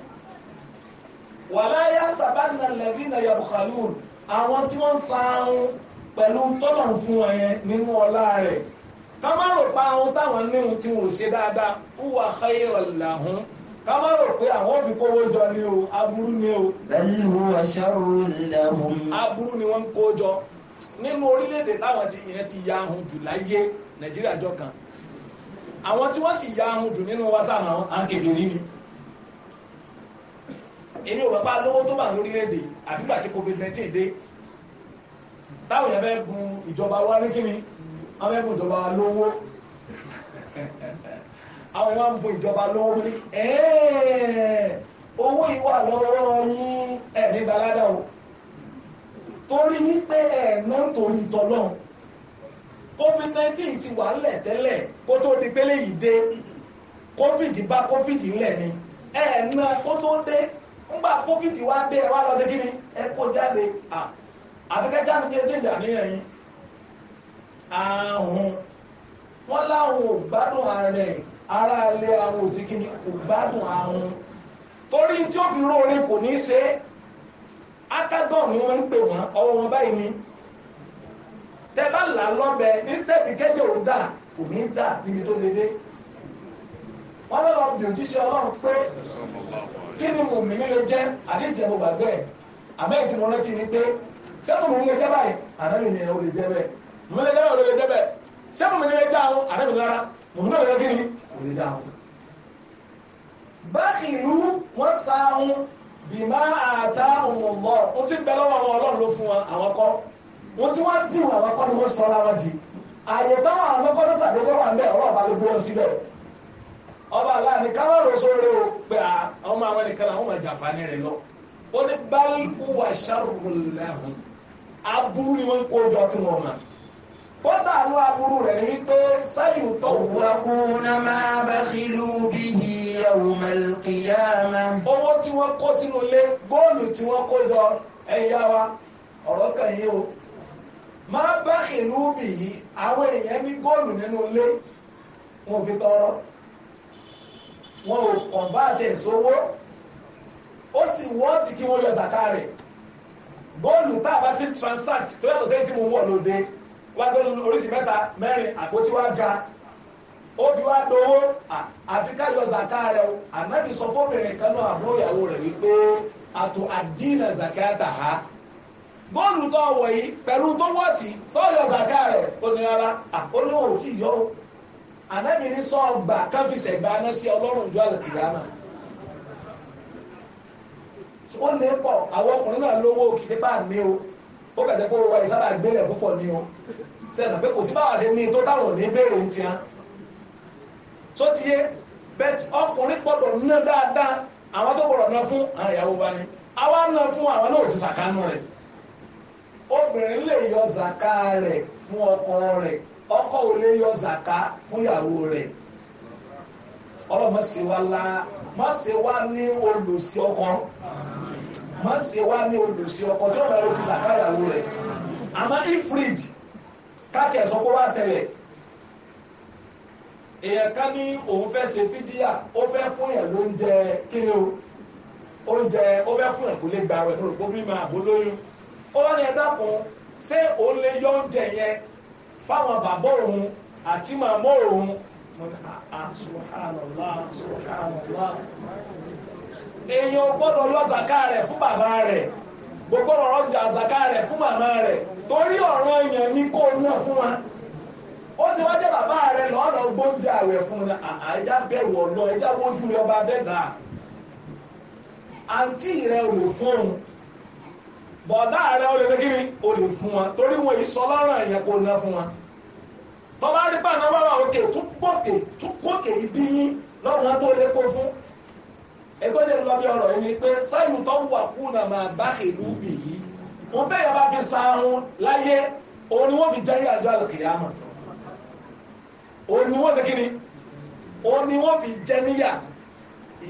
wala yahsabanna alladhina yabkhalun àwọn tí wọ́n ń sa ahun pẹ̀lú tọ́lọ̀ fún wọn yẹn nínú ọlá rẹ̀ ká má rò pa àwọn táwọn níhun tí wọn ò ṣe dáadáa wúwa khayran lahum ká má rò pé àwọn òbí kówó jọ ni o aburú ni o. bal huwa sharrun lahum. aburú ni wọ́n ń kó jọ nínú orílẹ̀-èdè táwọn ti yẹn ti ya ahun jù láyé nàìjíríà jọ kan àwọn tí wọ́n sì ya ahun jù nínú wa sáà àwọn àǹkèdè nínú èmi ò bàbá lówó tó wà lórílẹ̀-èdè àdúgbà tí covid nineteen dé táwọn yẹn fẹ́ gun ìjọba wa ní kíni àwọn ẹ̀mú ìjọba lówó àwọn ẹ̀mú ìbò ìjọba lówó ní owó ìwà lọ́wọ́ yín ẹ̀mí balada o torí wípé ẹ̀ẹ̀ná torí tọlọ́run covid nineteen ti wà lẹ̀ tẹ́lẹ̀ kó tó di pélé yìí dé covid bá covid ńlẹ̀ ni ẹ̀ẹ̀ná kó tó dé ńgbà covid wá dé ẹ wá lọ sí kí ni ẹ kó jáde àfikẹ́jáde jẹ́ jẹ́ ìjà níyẹn yín. ààrùn wọn láwọn ò gbádùn ara ilé àwọn òsìkìní kò gbádùn ààrùn torí tí ó fi róore kò ní í ṣe akagbọ́n ni wọ́n ń pè wọ́n ọwọ́ wọn báyìí ni tẹ́ bá là á dà kò ní í dà níbi tó lédè bí ọlọ́run pé kí ni mo jẹ́ àdéhùn gbàgbẹ́ tí mo rántí ni pé mẹlẹkẹ náà lè dẹbẹ sẹmu mi lè dá o àrẹ mi lára mùsùlùmí náà lè kí ni kò lè dá o. báàkì ìlú wọn sa ohun bí máa àdá ohun bọ ó ti bẹ lọ́wọ́ àwọn Ọlọ́run ló fún wọn àwọn kọ wọn tí wọn dì wọn àwọn kọ ni wọn sọ láwọn di àyè táwọn àwọn ọmọkọdọ sàdégbọ wà mẹ ọ̀rọ̀ ọba ló gbé wọn síbẹ̀ ọba aláàánú káwọn lọ sórí o pé ọmọ àwọn nìkan náà wọn máa jà fani rẹ lọ ó ní báyìí wà sáré lẹ́hùn aburú ni wọn kó jọ tún wọn máa bọ́tà àánú aburú rẹ̀ ní pé sẹ́yìn tó. òwúrakúnná máa bá kílù bí yawma al-qiyama. owó tí wọ́n kó sínú ilé góòlù tí wọ́n kó jọ ẹ̀yà wa ọ̀rọ̀ kan yìí o máa bá kílù bí yìí àwọn èèyàn ní góòlù nínú ilé wọn ò fi tọrọ wọn ò kàn bá àtẹ̀sówó ó sì wọ́ọ̀tì kí wọ́n yọ zàkárẹ̀ góòlù tá a bá ti transact tó yàtọ̀ sẹ́yìn tí mo wọ̀ lóde. wá gbé nínú oríṣi mẹ́ta mẹ́rin àpótí wá ga ó fi wá dowó àfi yọ zaka rẹ o ànábì sọ fóbìnrin kan náà àbúrò ìyàwó rẹ wípé àtò àdínà zaka tà á góòlù kan wọ̀ yìí pẹ̀lú tó wọ́ọ̀tì sọ́ọ̀yọ̀ zaka rẹ̀ ó àkóníwò ò tí yọ o ànábì ní sọ́ọ̀gbà káfíṣẹ̀ gba aná sí ọlọ́run ìjọ àlùkìyàmà ó lè pọ̀ àwọn ọkùnrin náà lówó kìí ṣe bá mi o ó bẹ̀rẹ̀ pé olùwà gbélẹ̀ púpọ̀ ni o sẹ́nà pé kò sí báwa ṣe ní tó táwọn ní béèrè ń tiẹ́ tó ti bẹ́ẹ̀ ọkùnrin gbọ́dọ̀ ná dáadáa àwọn tó bọ̀rọ̀ ná fún àwọn ìyàwó bá ní àwa ná fún àwọn náà yọ zàká rẹ̀ fún ọkọ rẹ̀ ọkọ ò yọ zàká fún ìyàwó rẹ̀ la ọkọ. má ṣe wá ní olùsí ọkọ tí ọ̀nà ló ti zàká ìyàwó rẹ̀ àmọ́ ifrid káàtì ẹ̀sọ́ kó wá ṣẹlẹ̀ èèyàn kan ní òun fẹ́ ṣe fídíà ó fẹ́ fún yẹn lóúnjẹ kíni o oúnjẹ ó fẹ́ fún yẹn kó lè gba rẹ̀ lórí gbóbi máa bó lóyún ó wá ní ẹ dákun ṣé òun lè yọ oúnjẹ yẹn fáwọn bàbá òun àti màmá òun mo ní àà ah, ah, subhanallah subhanallah èèyàn gbọ́dọ̀ yọ zaka rẹ̀ fún bàbá rẹ̀ gbogbo ọ̀rọ̀ sí àzàká rẹ̀ fún màmá rẹ̀ torí ọ̀rọ̀ èèyàn ní kó náà fún wa ó ti wá jẹ́ bàbá rẹ̀ lọ́ọ̀lọ́ gbóúnjẹ àwẹ̀ fún un àìjá bẹ̀rù ọ̀nà ẹ̀já wójú ọba bẹ́ẹ̀dá àǹtí rẹ̀ ò lè fún un bọ̀dá rẹ̀ ò lè fi kíni ò lè fún wa torí wọn yìí lọ́rọ̀ ẹ̀yẹn kó náà fún wa tọ́ba rí pàmò bàbá òkè túpọ̀kè túpọ̀kè ibi yín lọ́rùn tó lè kó fún ẹgbẹ́ jẹ́ lọ́bí ọ̀rọ̀ yìí ni pé sáyìn tó wà kú nà máa bá ìlú bì yìí wọn bẹ́ẹ̀ yẹn bá fi sàrun láyé òun ni wọ́n fi jẹ́ ìyàjọ àlùkìyàmà òun ni wọ́n fi kíni òun ni wọ́n fi jẹ́ níyà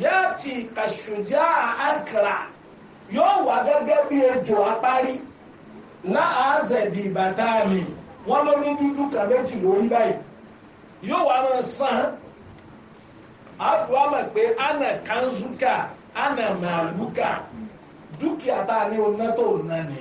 yáàtì kàṣùjá àkàrà yóò wà gẹ́gẹ́ bí ejò apárí láàzẹ̀dì bàtà mi wọ́n ló ní dúdú kàbẹ́tì lórí báyìí yóò wà máa sàn án a fi wá mọ̀ pé ana kanzuka ana màlúkà dúkìá tá a ní oná tó ná ni.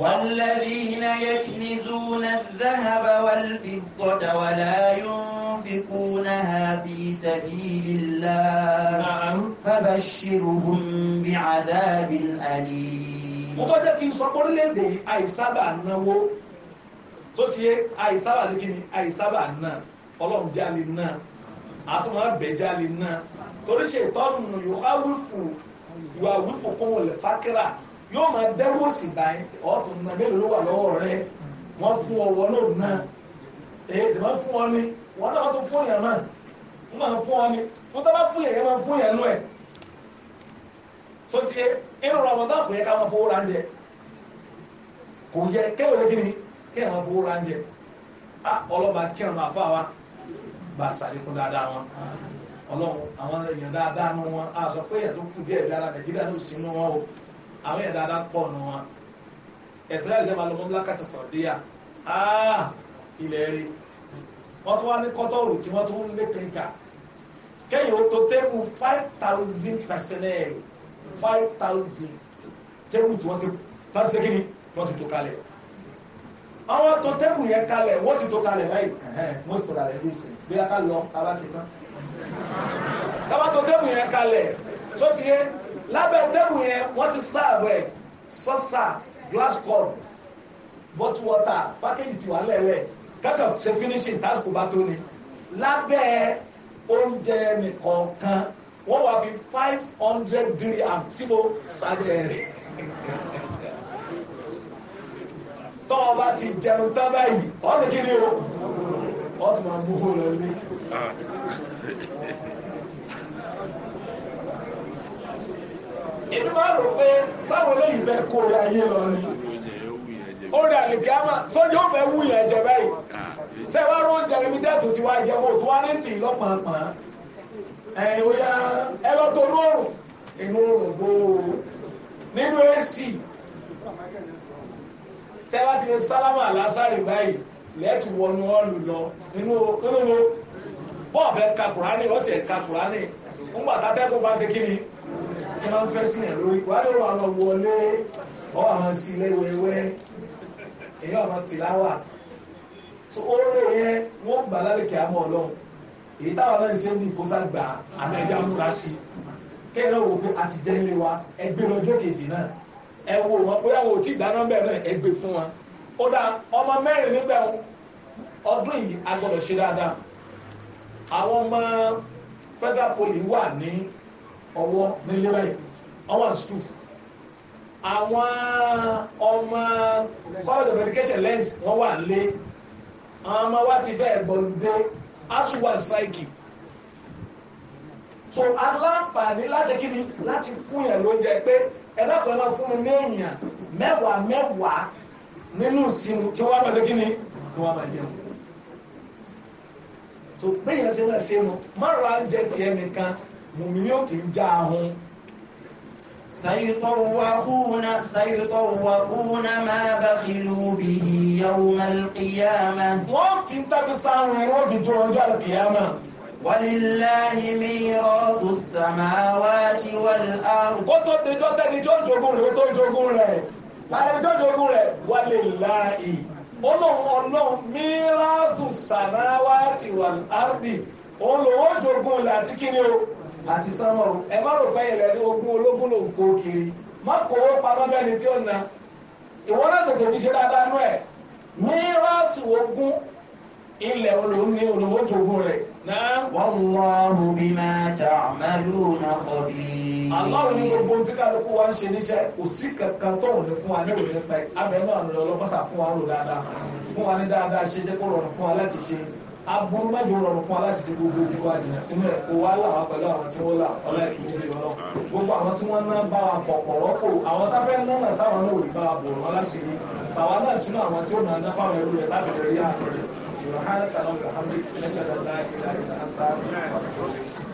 والذين يكنزون الذهب والفضة ولا ينفقونها في سبيل الله فبشرهم بعذاب أليم mo bá jẹ́ kí n sọ pé orílẹ̀-èdè àìsábà náwó tó ti àìsábà ní kí ni àìsábà náà ọlọ́run jẹ́ àlè náà àtúmọ̀ àgbẹ̀jáde náà torí ṣe ìtọ́nù yòókà wífù ìwà wífù kún wọlé fákírà yóò máa dẹ́wọ́ sí báyìí ọ̀tún náà mélòó ló wà lọ́wọ́ rẹ wọ́n fún ọwọ́ náà náà èyí tí wọ́n fún ọ ní wọ́n náà tó fún yàn náà wọ́n máa fún ọ ní wọ́n tó bá fún yàn yẹn máa fún yàn nú ẹ̀ tó tiẹ̀ inú Ramadan dáàbò yẹ ká máa fowó ra kò yẹ kéwòn kí ni kéwòn máa fowó ra ń ah, ọlọ́ba kí bá sàlékún dáadáa wọn ọlọ́run àwọn èèyàn dáadáa nù wọn a sọ pé èèyàn tó kù díẹ̀ dára nàìjíríà ló sì nù wọn o àwọn èèyàn dáadáa pọ̀ nù wọn ẹ̀sìn láti lẹ́ẹ̀ma lọ́mọ ńlá kàtà sọ̀díyà ilẹ̀ rí wọ́n tún wá ní kọ́tọ́rù tí wọ́n tún lé kéka kẹ́yìn ó tó tẹ́kù five thousand personnel five thousand tẹ́kù tí wọ́n ti tán kí ni wọ́n ti tó kalẹ̀ àwọn tó tẹ́kù yẹn kalẹ̀ wọ́n ti tó kalẹ̀ báyìí wọ́n ti tó kalẹ̀ bí ìsìn bí aká lọ ara sí tán. àwọn tó tẹ́kù yẹn kalẹ̀ tó ti yẹ lábẹ́ tẹ́kù yẹn wọ́n ti sáàbù ẹ̀ sọ́sà glass cup bottle water package ti wà lẹ́lẹ̀ kẹ́kọ̀ ṣe finishing task bá tó ni lábẹ́ oúnjẹ nìkan kan wọ́n wá fi five hundred dirham síbo sájẹ́ rẹ̀ tọ́ ọ bá ti jẹun tán báyìí ọ́ sì kí ni o ọ́ ti máa gbogbo rẹ̀ ní. inú máa rò pé sáwọn eléyìí fẹ́ kó orí ayé lọ ni orí àlèkè àmà sọ́jọ́ fẹ́ wú yẹn jẹ báyìí ṣé wàá rún oúnjẹ níbi dẹ́tù tí wàá jẹ mọ́ òtún wàá ní tì lọ́pàápàá ẹ̀yìn òyà ẹ lọ́tọ̀ olóòrùn inú òrùn gbòòrò nínú èsì tẹ́ bá ti lè sálámà lásàrì báyìí lẹ́tù wọnú ọ́ọ̀lù lọ nínú nínú bọ́ọ̀ fẹ́ ka kùránì ọ̀tẹ̀ ka kùránì ńgbà tábẹ́kùn bá ti kí ni ẹ máa ń fẹ́ sí ẹ̀ lórí wàá lọ́wọ́ àwọn wọlé ọ̀ àwọn sí ilé wẹ́wẹ́ èyí àwọn tìláwà tó ó lè yẹ wọ́n gbà lálẹ́ kí á mọ̀ ọlọ́run èyí táwọn náà ń ṣe ń bí ìkóṣà gbà àmọ́ ẹja múra wò pé àtijọ́ ilé wa ẹgbẹ́ lọ́jọ́ kejì náà ẹ wo wọn bóyá wo tí ìdáná bẹ̀rẹ̀ ẹ gbé fún wọn ó dá ọmọ mẹ́rin nígbà ọdún yìí a gbọ́dọ̀ ṣe dáadáa àwọn ọmọ federal poli wà ní ọwọ́ nílé báyìí wọ́n wà ní school àwọn ọmọ college of education lens wọ́n wà lé àwọn ọmọ wa ti bẹ́ẹ̀ gbọ́dọ̀ asuwa psyche so aláǹfààní láti kí ni láti fún yẹn lóúnjẹ pé ẹ̀dá pẹ̀lú fún mi èèyàn mẹ́wàá mẹ́wàá nínú ìsinmi kí wọ́n máa ṣe kí ni kí wọ́n máa jẹun tó péyàn ṣe náà ṣe mu márùn-ún á ń jẹ tiẹ̀ nìkan mùmí yóò kì í já ahun. سيطوقون سيطوقون ما بخلوا به يوم القيامة. wọ́n fi tẹ́bí sáwọn wọ́n fi tó ọjọ́ àlùkìyàmà. Wàlíláyé mi rọ́dù sàmáwájú wàlárù. Ó tó ti jọ́ tẹ́ni tó ń jogún rẹ̀, ó tó ń jogún rẹ̀. Lára tó ń jogún rẹ̀, wàlíláyé. Ọlọ́run ọlọ́run mi rọ́dù sàmáwájú wàlárù. Olùwọ́ jogún kíni o? Àti sánmọ̀ Ẹ má rò pé ilẹ̀ ní ogún ológun ló ń kó kiri. Má kó pamọ́ bẹ́ni tí ó na. Ìwọ́n náà tètè fi ṣe dáadáa nú ẹ̀. Mi ogún ilẹ̀ olóhùn ní olówó jogún rẹ̀. Wallahu bima ta'maluna khabir. Allahu ní gbogbo tí kálukú wa ń ṣe níṣẹ́ kò sí kankan tó wù ní fún wa ní òwe nípa ẹ̀. Abẹ náà lọ fún wa rò dáadáa. Fún wa ní dáadáa ṣe jẹ́ kó rọrùn fún wa láti ṣe. Aburú mẹ́jọ rọrùn fún wa láti ṣe gbogbo ojú wa jìnà sínú ẹ̀. Kò wá làwọn pẹ̀lú àwọn tí wọ́n là ọlá ìpínlẹ̀ ọlọ́. Gbogbo àwọn tí wọ́n náà bá wa pọ̀pọ̀ rọ́pò. Àwọn táfẹ́ náà táwọn náà ò rí bá wa bò wọ́n láṣìírí. Sàwa náà sínú àwọn tí ó náà náfàwọn ẹrú rẹ̀ láti rẹ̀ rí àpẹẹrẹ. سبحانك رب الحمد نشهد ان لا اله الا انت نستغفرك